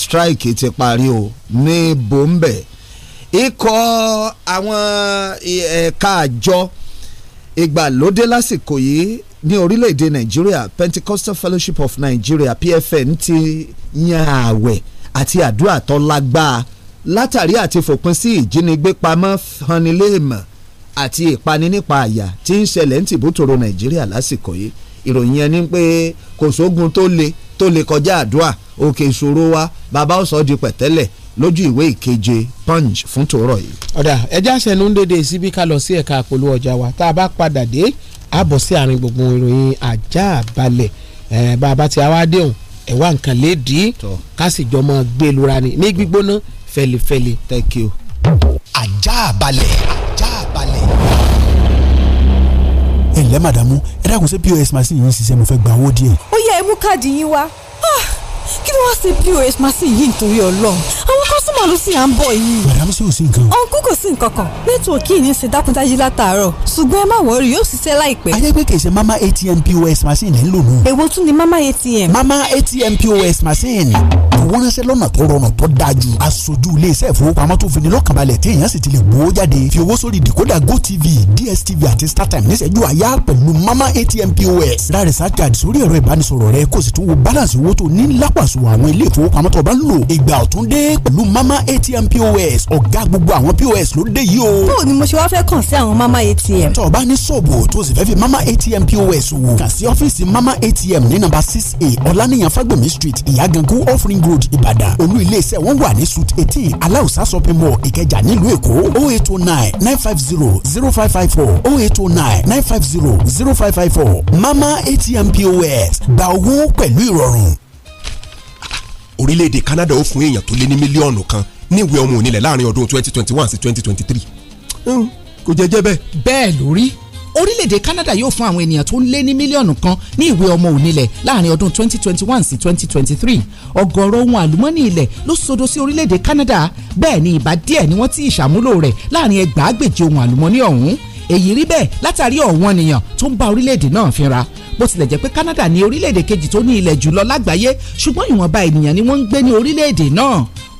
strike ti parí o ní bòńbẹ̀ẹ́ ikọ̀ àwọn ẹ̀ka àjọ ìgbàlódé lásìkò yìí ní orílẹ̀-èdè Nàìjíríà Pentecostal Fellowship of Nigeria PFN ti yan ààwẹ̀ àti àdúrà tó lágbáa látàrí àti fòpin sí ìjínigbé pamọ́ haniléèmọ̀ àti ìpani nípa àyà tí ń ṣẹlẹ̀ ń tìbútòrò Nàìjíríà lásìkò yìí ìròyìn yẹn ni pé kò sógun tó le tó le kọjá àdúrà òkè ìṣòro wa bàbá ó di pẹ̀tẹ́lẹ̀ lójú ìwé ìkeje punch fún tòórọ̀ yìí. ọ̀dà ẹja ṣẹ̀nu ń dédé síbí ká lọ sí ẹ̀ka àpolówó ọjà wa tá a bá padà dé àbọ̀ sí àárín gbogbo ìròyìn ajá balẹ̀ ẹ̀ bàbá tí a wá dé òun ẹ̀ nǹkan lè dì í ká sì jọ mọ́ gbé lura ni ní gbígbóná fẹlifẹli. thank you. ajá balẹ̀ ajá balẹ̀ ẹ ǹlẹ́ màdàmú ẹ dákun ṣé pos machine yìí ń ṣiṣẹ́ mo fẹ́ gba owó díẹ̀. ó yẹ ẹ mú káàdì yín wá ah, kí ló wá ṣe pos machine yìí nítorí ọlọ́run àwọn kọ́sùmà ló sì à ń bọ̀ yìí. màdàmú sì ò sí nǹkan. ọ̀nkú kò sí nǹkan kan nẹ́tíwọ̀kì yìí ń ṣe dákúndájí látàárọ̀ ṣùgbọ́n ẹ má wọrí yóò ṣiṣẹ́ láìpẹ́. a jẹ́ pé kì í ṣe mama atm pos machine ń lò nù. èwo tún ni mama atm. mama atm pos machine fowó ránṣẹ́ lọ́nà tó rọrùn tó dájú aṣojú iléeṣẹ́ ìfowópamọ́ tó fini lọ́kànbalẹ̀ tí èèyàn sì ti lè gbowó jáde fi owó sórí decoder gotv dstv àti startime níṣẹ́jú àyà pẹ̀lú mama atm pos ra research card sórí ẹ̀rọ ìbánisọ̀rọ̀ rẹ kó sì tún wo balance owó tó ní lápàṣọ àwọn ilé ìfowópamọ́ tó bá ń lò ìgbà ọ̀tún dé pẹ̀lú mama atm pos ọ̀gá gbogbo àwọn pos ló dé yìí o. bó o ni mo ṣe wá fẹ́ kàn sí atm. tó o bá ní ṣọ́ọ̀bù atm pos wò kàn sí atm ní nọ́mbà six a ọ̀lànìyàn fagbemi street ìyàgànkù offering ring road ìbàdàn olú iléeṣẹ́ wọn wà ní suit eighteen aláùsá shopping mall ìkẹjà nílùú èkó oh eight oh nine nine five zero zero five five four oh eight oh nine nine five zero zero five five four mama atm pos gba owó pẹ̀lú ìrọ̀rùn. orílẹ̀-èdè canada ó fún èèyàn tó lé ní mílíọ̀nù kan ní ìwé ọmọ onílẹ̀ láàrin ọdún twenty twenty one sí twenty twenty three hmm, kò jẹ́jẹ́ bẹ́ẹ̀. bẹ́ẹ̀ lórí orílẹ̀-èdè Canada yóò fún àwọn ènìyàn tó ń lé ní mílíọ̀nù kan ní ìwé ọmọ onílẹ̀ láàrin ọdún 2021 sí 2023 ọ̀gọ̀ọ̀rọ̀ ohun àlùmọ́nì ilẹ̀ ló sodo sí orílẹ̀-èdè Canada bẹ́ẹ̀ ni ìbá díẹ̀ ni wọ́n ti ìṣàmúlò rẹ̀ láàrin ẹgbàágbèje ohun àlùmọ́nì ọ̀hún èyí rí bẹ́ẹ̀ látàrí ọ̀wọ́n ènìyàn tó ń bá orílẹ̀-èdè náà fínra bó tilẹ̀ jẹ́ pé Canada ni orílẹ̀-èdè kejì tó ní ilẹ̀ jùlọ lágbàáyé ṣùgbọ́n ìwọ̀nba ènìyàn ni wọ́n ń gbé ní orílẹ̀-èdè náà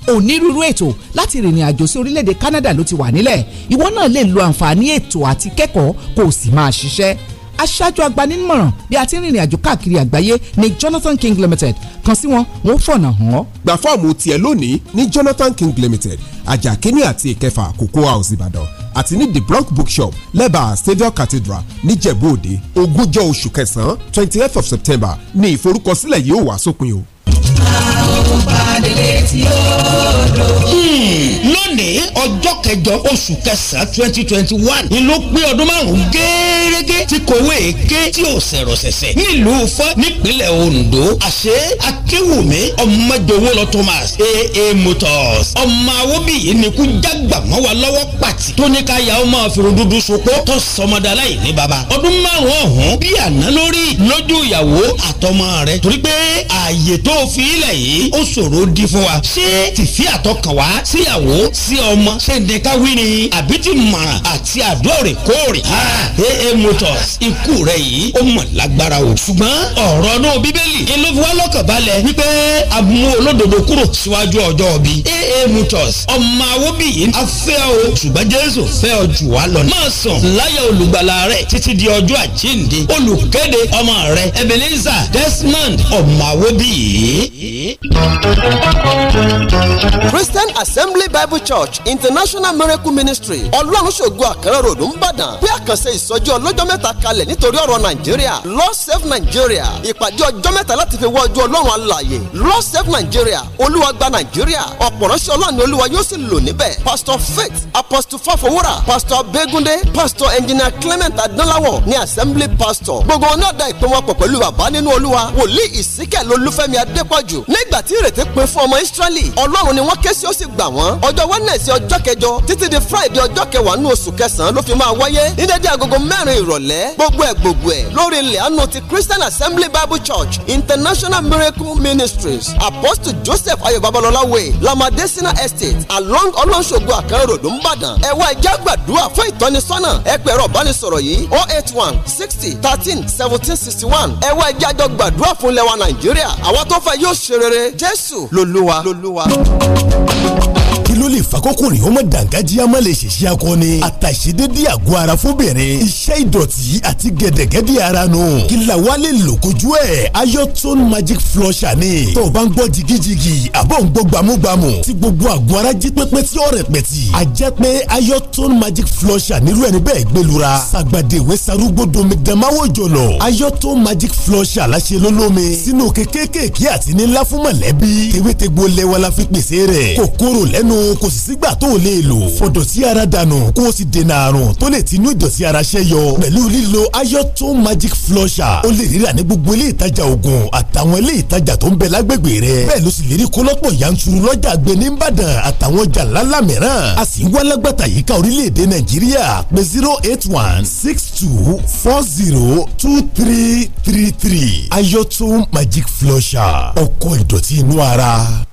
onírúurú ètò láti rìnrìn àjò sí orílẹ̀-èdè Canada ló ti wà nílẹ̀ ìwọ náà lè lo àǹfààní ètò àti kẹ́kọ̀ọ́ kó o sì máa ṣiṣẹ́ aṣáájú agbanímọ̀ràn bí a ti ń rìnrìn àjò káàkiri àgbáyé ní Jonathan King Limited kan sí wọn wọn fọ̀nà hàn án. gba fọ́ọ̀mù tiẹ̀ lónìí ní Jonathan King Limited ajakini àti ìkẹfà Cocoa House Ìbàdàn àti ní the bronc bookshop lẹ́bàá Saviour Cathedral níjẹ̀bú-òde ogúnjọ́ oṣù kẹsàn-án twenty eight of September ni ìforúkọsílẹ̀ yìí ó wà sópin o àwọn padìlẹ̀ tí ó lò. lónìí ọjọ́ kẹjọ oṣù kẹsàn-án twenty twenty one ni ló pé ọdún márùn-ún gẹ́gẹ́ tí kòwé ké tí ò sẹ̀rọ̀ sẹ̀sẹ̀ nílùú fọ́ nípínlẹ̀ Ondo àṣẹ akéwùmí ọmọdéwó lọ Thomas aa motors ọmọ awóbíyí ni kú jágbà mọ́ wa lọ́wọ́ pàtì tó ní ká ya ọmọ àfihàn dúdú sopó tó sọmọdé aláìní baba ọdún márùn-ún ọ̀hún bí àná lórí lójú ìyàwó àtọmọ rẹ torí pé ààyè tó fi fi ilẹ̀ yìí ó ṣòro di fún wa ṣé tìfí àtọkàn wá síyàwó sí ọmọ ṣé nìkan wí ni àbí ti mọ̀ràn àti àdúrà òrèkóòrè aa motors ikú rẹ yìí ó mọ̀ lágbára o ṣùgbọ́n ọ̀rọ̀ náà bíbélì ìlú wípé amú olódodo kúrò síwájú ọjọ́ bí aa motors ọmọ awóbì yìí a fẹ́ o ṣùgbọ́n jésù fẹ́ ọ jù wá lọ máa sàn láyà olùgbàlà rẹ títí di ọjọ́ àjíǹde olùkéde ọmọ rẹ ebenezer desmond ọmọ awóbì yìí yìí. Christian Assembly Bible Church International Miracle Ministry Ọlọ́run ṣògo àkàrà ròdùn Ìbàdàn bí àkànṣe ìsọjí ọlọ́jọ́ mẹ́ta kalẹ̀ nítorí ọ̀rọ̀ Nàìjíríà Lord save Nigeria ìpàdé ọjọ́ mẹ́ta láti fi wọ ọjọ́ Ọlọ́run alààyè Lord save Nigeria Olúwa gba Nàìjíríà ọ̀pọ̀ ránṣẹ́ Ọlọ́run ni Olúwa yóò sì lò níbẹ̀ Pastor Faith Apostle Fafowura Pastor Begunde Pastor Engineer Clement Adúláwọ̀ ní Assembly Pastor gbogbo wọn náà da ìpè wọn pọ̀ pẹ̀lú bàbá nínú Olúwa wòlíì ìsíkẹ̀ lolúfẹ́mi adépọ̀ jù nígbà tí ìrètí pin fún ọmọ Ísírẹ́lì Ọlọ́run ni wọ́n ké sí ó sì gbà wọ́n ọjọ́ Wednesday ọjọ́ kẹjọ títí di Friday ọjọ́ kẹwàá nínú oṣù kẹsàn-án ló fi máa wáyé ní dédé agogo mẹ́rin ìrọ̀lẹ́ gbogbo ẹ̀ gbogbo ẹ̀ lórí ilẹ̀ àánú ti Christian Assembly Bible Church International Miracle Ministries Apostle Joseph Ayọ̀ Babalọlá Way Lamadesina Estate along Ọlọ́nṣogbo Àkàrà Ròdò Ńbàdàn ẹ wá ẹjẹ́ gbàdúrà fún ìtọ́nisọ́nà ẹ pè ẹ̀rọ ìbánisọ̀rọ̀ yìí oh eight one sixty thirteen seventeen sixty one ẹ wá ẹjẹ́ àjọ gbàdúrà fún ilẹ̀ wa Nàìjíríà àwa tó fẹ́ yóò ṣe rere Jésù lolúwa ló lè fakọ́kùnrin ó mọ̀ dàǹgájíá má lè ṣèṣe akọni àtàṣedédé àgọ́ ara fóbìnrin iṣẹ́ ìdọ̀tí àti gẹ̀dẹ̀gẹ̀dẹ̀ ara nù kí la wá lè lò magic flusher ni tó o bá ń gbọ́ jigijigi àbọ̀ ń gbọ́ gbàmúgbàmù tí gbogbo àgọ́ ara jí pépé tí ọ̀rẹ́ pẹ̀tì àjẹpẹ́ ayọ́tún magic flusher nílò ẹni bẹ́ẹ̀ gbẹlura sàgbàdéwé sarúgbó domidamáwò jọlọ ayọ́tún magic flusher láṣẹ lólómi sínú kékékèké àti nílá fún mọ̀lẹ́bí tewétegbò lẹ́wà la fi pèsè rẹ̀ kòkòrò lẹ́nu o kò sì sígbà tó o lè lò fọ̀dọ̀tí ara dànù kó o sì dènà àrùn tó lè tinú ìdọ̀tí ara ṣẹ́ yọ pẹ̀lú lílo ayọ́tún magic flusher o lè rírà ní gbogbo ilé ìtajà oògùn àtàwọn ilé ìtajà tó ń bẹ lágbègbè rẹ bẹ́ẹ̀ ló sì lérí kólọ́pọ̀ yanturu lọ́jà gbé ní Ìbàdàn àtàwọn ọjà ńláńlá mìíràn a sì ń wá yìí ká orílẹ̀-èdè Nàìjíríà pé zero eight one six two four zero two three three three ayọ́tún magic flusher ọkọ̀ ìdọ̀tí inú ara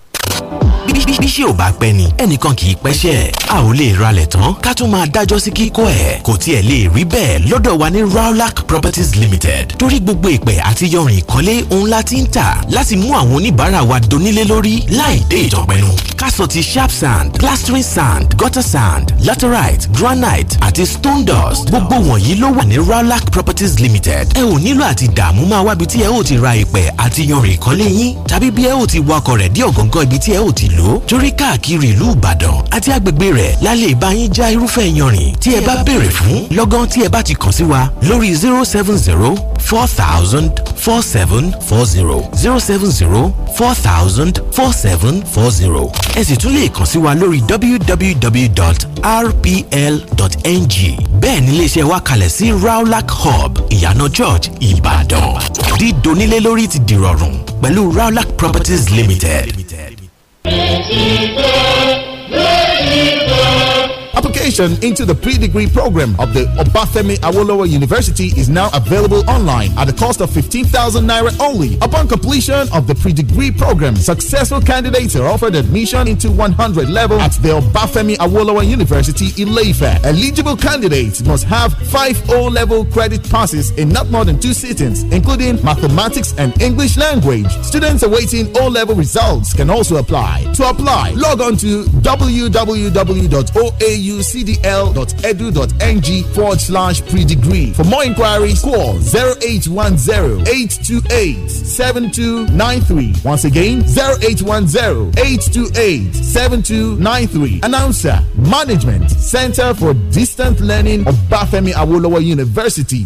bíṣẹ́ ò bá pẹ́ ni ẹnìkan kì í pẹ́ṣẹ́ a ò lè ralẹ̀ tán ká tún máa dájọ́ sí kíkọ́ ẹ̀ kò tiẹ̀ lè rí bẹ́ẹ̀ lọ́dọ̀ wa ní Rawlac Properties Limited torí gbogbo ìpẹ́ àti yọrin ìkọ́lé òun la ti ń tà láti mú àwọn oníbàárà wa donílé lórí láì dé ìtọ̀pẹ́nu ká sọ ti sharp sand plastering sand gutter sand laterite granite àti stone dust gbogbo wọ̀nyí ló wà ní Rawlac Properties Limited ẹ ò nílò àti dààmú máa wábi tí ẹ ò ti ra ìpẹ́ àti yọrin ìkọ́lé yín tàbí bí ẹ ò ti wakọ̀ rẹ̀ dé ọ̀gọ̀ngọ̀ ibi tí ẹ ò ti lò lò torí káàkiri ìlú Ìbàdàn àti agbègbè rẹ̀ lálẹ́ ìbáyín já irúfẹ́ yanrìn tí ẹ bá béèrè fún lọ́gán tí ẹ bá ti kàn sí wa lórí zero seven zero four thousand four seven four zero zero seven zero four thousand four seven four zero ẹ sì tún lè kàn sí wa lórí www.rpl.ng bẹ́ẹ̀ ni iléeṣẹ́ wa kalẹ̀ sí Rawlac Hub ìyànà Church Ìbàdàn dídonílé lórí ti dìrọ̀rùn pẹ̀lú Rawlac Properties Limited Bendito, bendito. Application into the pre-degree program of the Obafemi Awolowo University is now available online at the cost of 15,000 naira only. Upon completion of the pre-degree program, successful candidates are offered admission into 100 level at the Obafemi Awolowo University Ileife. Eligible candidates must have 5 O level credit passes in not more than 2 sittings, including mathematics and English language. Students awaiting O level results can also apply. To apply, log on to www.oau iucdl.edu.ng forward slash pre-degree. For more inquiries, call 0810-828-7293. Once again, 0810-828-7293. Announcer, Management, Center for Distance Learning of Bafemi Awolowo University.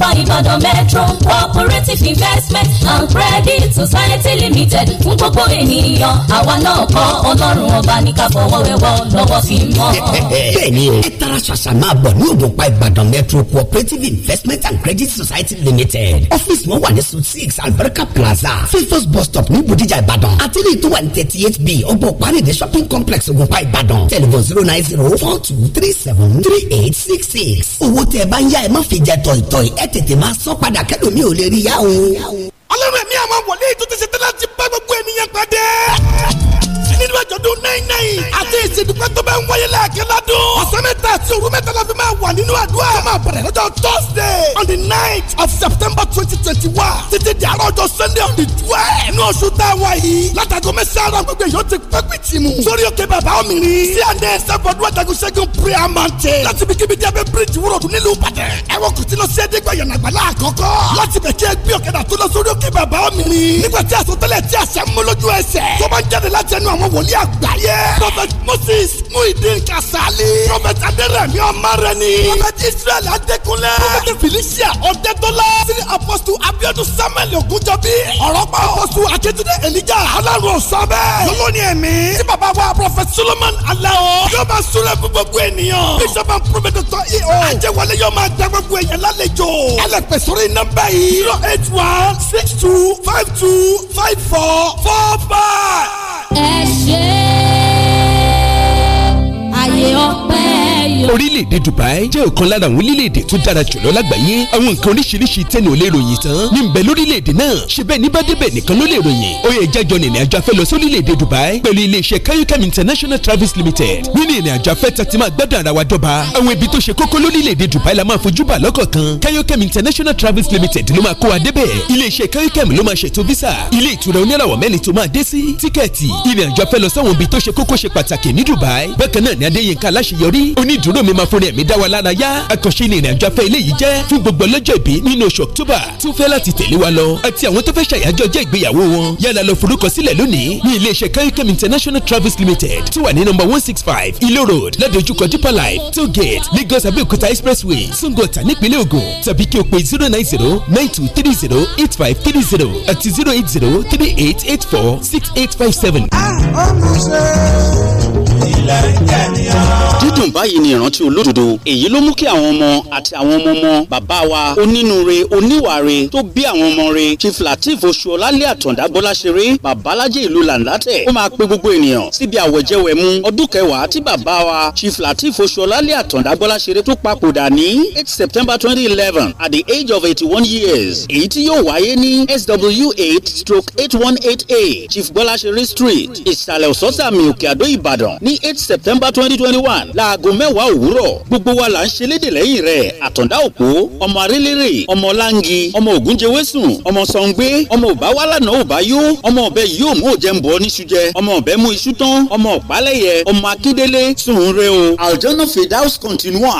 nípa ìbàdàn metro cooperative investment and credit society limited fún gbogbo ènìyàn àwa náà kọ́ ọlọ́run ọba ní ká fọwọ́ wẹ́wọ́ lọ́wọ́ fi mọ́. bẹ́ẹ̀ni o ẹ tara ṣàṣà máa bọ̀ ní òdòpá ìbàdàn metro cooperative investment and credit society limited ọ́fíìsì wọn wà ní suite six alberca plaza fifos bus stop ní bòdìjà ìbàdàn àti ní ìtọ́wà thirty eight b ọgbọ́n the shopping complex ògùnpá ìbàdàn telephone zero nine zero four two three seven three eight six six owó tẹ ẹ bá ń yá ẹ má fi jẹ tọ̀ìtọ̀ì ẹ tètè máa sọ padà kẹ́lòmí ò lè rí yá o. ọlọ́run ẹ̀mí àwọn wọlé ètò ti ṣe tẹ́lá ti bá gbogbo ènìyàn pàdé nínú àjọ̀dún náírà àti ìsìnkú tó bẹ́ẹ̀ ń wáyé lẹ́ẹ̀kẹ́ ládùn. ọ̀sán mẹ́ta àti òru mẹ́ta la fi máa wà nínú àdúrà. ó máa bẹ̀rẹ̀ lọ́jọ́ thursday on the night of september twenty twenty one títí di àárọ̀ ọjọ́ sunday on the twelve. inú oṣù tá a wà yìí látàgọ́ mẹ́sàn-án gbogbo èèyàn ti pẹ́ pẹ́ tì mú. sórí òkè bàbá omi rí. sí àná ẹsẹ̀ fọdún àtàkùn ṣẹ́gun prayer mountain. láti bí kíbi díẹ̀ bẹ́ bíríìjì wúrọ̀ dún nílùú ìbàdàn. ẹ wọ kùtì lọ sí ẹdínkù àyànàgbàlá àkọ́kọ́. láti bẹ̀ kí ẹ gbé ọ̀kadà tó lọ sórí òkè bàbá omi rí. nígbà tí àsọtẹ́lẹ̀ tí wòlíì àgbáyé. prophet moses muhideen kasali. prophet adérẹ̀mí ọmọrẹ́ni. prophet israel adékúnlé. prophet felicia ọ̀dẹ́tọ́lá. sini apọ́sù abiodun samuel ogunjọbi. ọ̀rọ̀ pa apọ́sù akíntúndé elija. ọlọ́run sọ́bẹ̀. lọ́lọ́ni ẹ̀mí. tí bàbá wa prophet solomon alao. yóò máa súnlẹ̀ gbogbo ènìyàn. bishop and prophet dr eo. ajẹ́wọlé yóò máa dá gbogbo èèyàn lálejò. ẹlẹ́pẹ̀ sórí nọ́mbà yìí. zero eight one six two five two five four four five ẹ ṣe àyè ọpẹ́ orílẹ̀-èdè Dubai jẹ́ ọ̀kan lára àwọn orílẹ̀-èdè tó dára jùlọ lágbàáyé àwọn nǹkan oríṣiríṣi tẹ́ni ò lè ròyìn tán ní nbẹ lórílẹ̀-èdè náà ṣe bẹ́ẹ̀ ní bá débẹ̀ nìkan ló lè ròyìn ó yẹ jájọ ní ìrìnàjò afẹ́ lọ sórílẹ̀-èdè Dubai pẹ̀lú iléeṣẹ́ kayokam international travels limited nínú ìrìnàjò afẹ́ tàti máa gbádùn ara wa dọ́ba àwọn ibi tó ṣe kókó lórílẹ̀-èdè Dubai la máa fojú bà lọ́kọ̀ọ̀kan kayokam international travels limited ló máa kó wa débẹ̀ iléeṣẹ́ kayokam ló máa ṣètò visa ilé ìtura oníràwọ̀ mẹ́rin tó máa dé sí tíkẹ́ẹ̀tì ìrìnàjò afẹ́ lọ sáwọn ibi tó ṣe kókó ṣe pàtàkì ní Dubai bákan náà ni Adéyínká aláṣeyọrí oníd àbúrò mi máa fún ẹ̀mí dá wa lára yá àkànṣe ni ìrìnàjò afẹ́ eléyìí jẹ́ fún gbogbo ọlọ́jọ́ ìbí nínú oṣù October tún fẹ́ láti tẹ̀lé wa lọ àti àwọn tó fẹ́ ṣàyájọ́ ọjọ́ ìgbéyàwó wọn yálà lọ forúkọsílẹ̀ lónìí ní iléeṣẹ́ Kayikam International Travels Limited tó wà ní nọ́mbà one six five Ilo Road ládojúkọ Deeper Life tollgate Lagos Abẹ́òkúta expressway Sungota nípínlẹ̀ Ògùn tàbí kí o pè zero nine zero nine two three zero eight five three zero àti zero eight zero three eight eight four six eight five seven. Ah, dídùn báyìí ni ìrántí olódodo èyí ló mú kí àwọn ọmọ àti àwọn ọmọ ọmọ bàbá wa onínúure oníwàre tó bí àwọn ọmọ rẹ̀ chief latif oṣuọlálẹ àtàndá bọláṣeré babalájẹ ìlú làǹdàtẹ ó máa pe gbogbo ènìyàn síbi àwẹ̀jẹwẹ̀mu ọdún kẹwàá tí bàbá wa chief latif oṣuọlálẹ àtàndá bọláṣeré tó papòdà ní eight september twenty eleven at the age of eighty one years èyí tí yóò wáyé ní sw eight stroke eight one eight a chief bọláṣeré street ìsàlẹ̀ òsọ́sàmì òkè àdó ìbàdàn ní eight september twenty twenty one láago mẹ́wàá òwúrọ̀ gbogbo wa là ń ṣe léde lẹ́yìn rẹ̀ àtọ̀dá òpó ọmọ arélérè ọmọ láǹgi ọmọ ògúnjẹwésùn ọmọ sọ̀ngbé ọmọ òbá wà lánàá òbá yó ọmọ ọ̀bẹ yìí mú òjẹ́ ń bọ̀ níṣu jẹ ọmọ ọ̀bẹ mú iṣu tán ọmọ ọ̀pálẹ̀yẹ ọmọ akíndélé sùn re o. aljana fidaus continua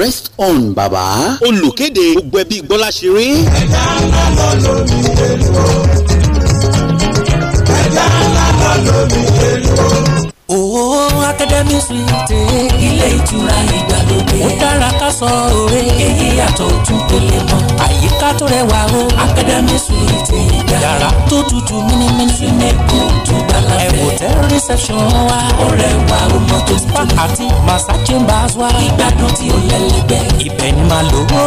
rest on baba. olùkéde gbogbo ẹbí gbọ́lá ṣeré. ẹ̀dá ńlá lọ lómi èlò ẹ̀dá ńlá lọ lómi èlò. Oh, oh, oh, Academy ilé ìtura ìgbàlódé. ó dára ká sọ òwe. èyí yàtọ̀ ojú tó lè mọ́ yàrá tó rẹwà o. Academy Suite ìgbà. Yàrá tó tutù mímímí. Súnmẹ́kù tó bá la fẹ́. Ẹ̀wò tẹ́ reception wa. Ó rẹwà ó mọ tó tutù. Spa àti Massa Chambers wa. Ìgbádùn tí ó lẹ́lẹ́gbẹ́. Ibẹ̀ ni màá lò ó.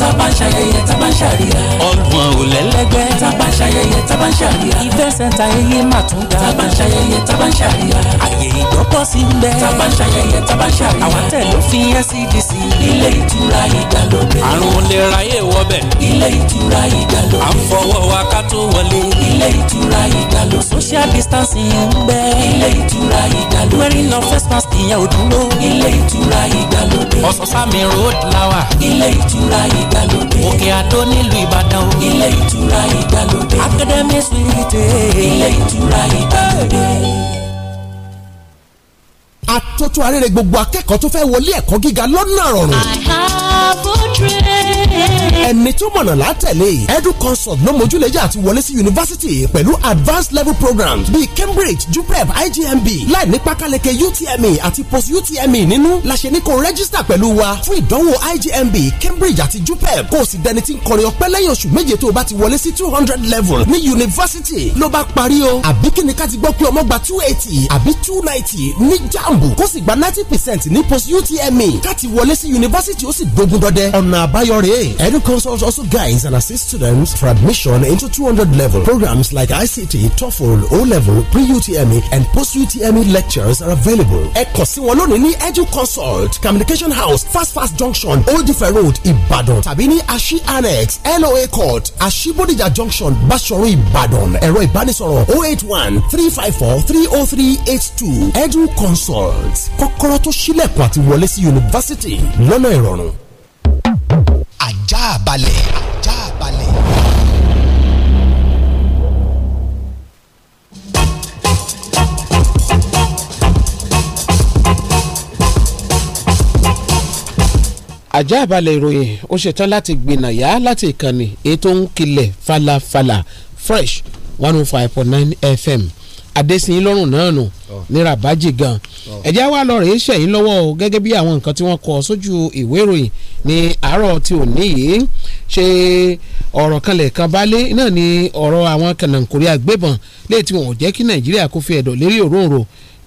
Tábà ń ṣayẹyẹ, tábà ń ṣàríyá. Ọgbọ̀n ò lẹ́lẹ́gbẹ́. Tábà ń ṣayẹyẹ, tábà ń ṣàríyá. Ìfẹ́ sẹ́ńtà eyé máa tún ga. Tábà ń ṣayẹyẹ, tábà ń ṣàríyá. Àyè ìgbọ́kọ̀ sí ń bẹ. Tábà ń ṣayẹyẹ, tábà ń ṣàríyá. Àwọn tẹ̀ fi NCDC. Ilé ìtura ìgbàlódé. Àrùn lè ráyè wọbẹ̀. Ilé ilé ìtura ìdàlódé. à ń fọwọ́ wa ká tó wọlé. ilé ìtura ìdàlódé. social distancing ń bẹ. ilé ìtura ìdàlódé. wearing no face mask ìyẹn ò dúró. ilé ìtura ìdàlódé. ọ̀sán-sámi road lawa. ilé ìtura ìdàlódé. òkè àdó nílùú ìbàdàn. ilé ìtura ìdàlódé. academy suite. ilé ìtura ìdàlódé àtúntò arére gbogbo akẹ́kọ̀ọ́ tó fẹ́ wọlé ẹ̀kọ́ gíga lọ́nà rọrùn. I have a dream. ẹni tó mọ̀nà látẹ̀lé consult ló mójúlẹ̀jà àti wọlé sí yunifásitì pẹ̀lú advanced level programs bíi Cambridge JUPEB IJMB láì ní pákáleke UTME àti post UTME nínú la ṣe ní kó rẹ́gísítà pẹ̀lú wa fún ìdánwò IJMB Cambridge àti JUPEB kó o sì dẹni tí ń kọrin ọpẹ́ lẹ́yìn oṣù méje tó o bá ti wọlé sí two hundred level ní yunifásitì ló bá parí o àbí kíni ká ti gbọ́ pé ọmọ gba two eighty àbí two ninety ní jamb ààbò kó sì gba ninety percent ní post utme káti wọlé sí yunifásitì ó sì gbógun dọdẹ ọ̀nà àbáyọ rèé edu consult also guides and assist students for admission into two hundred level programs like ict toefl o level pre-utme and post-utme lectures are available ẹ kàn sí wọn lónìí ní edu consult communication house fast fast junction old ife road Ibadan. tàbí ní ashi annex loa court ashibodija junction basoro Ibadan. ẹ̀rọ ìbánisọ̀rọ̀ 081 354 30382. edu consult records kọ́kọ́rọ́ tó ṣílẹ̀kùn àti wọlé sí yunifásitì lọ́nà ìrọ̀rùn. ajá balẹ̀ ajá balẹ̀. ajá àbálẹ̀ ìròyìn ó ṣetán láti gbìnàyà láti ìkànnì ètò ń kilẹ̀ falafala fresh one oh five point nine fm adésìnyín lọ́rùn náà nù ní rabaji gan ẹ̀jẹ̀ wa lọ rèé sẹ́yìn lọ́wọ́ gẹ́gẹ́ bí àwọn nǹkan tí wọ́n kọ sójú ìwé ìròyìn ní àárọ̀ tí ò ní yìí ṣe ọ̀rọ̀ kan lẹ̀kan náà ni ọ̀rọ̀ àwọn kànáńkórí agbébọn léè tí wọn ò jẹ́ kí nàìjíríà kó fi ẹ̀dọ̀ lérí òróǹro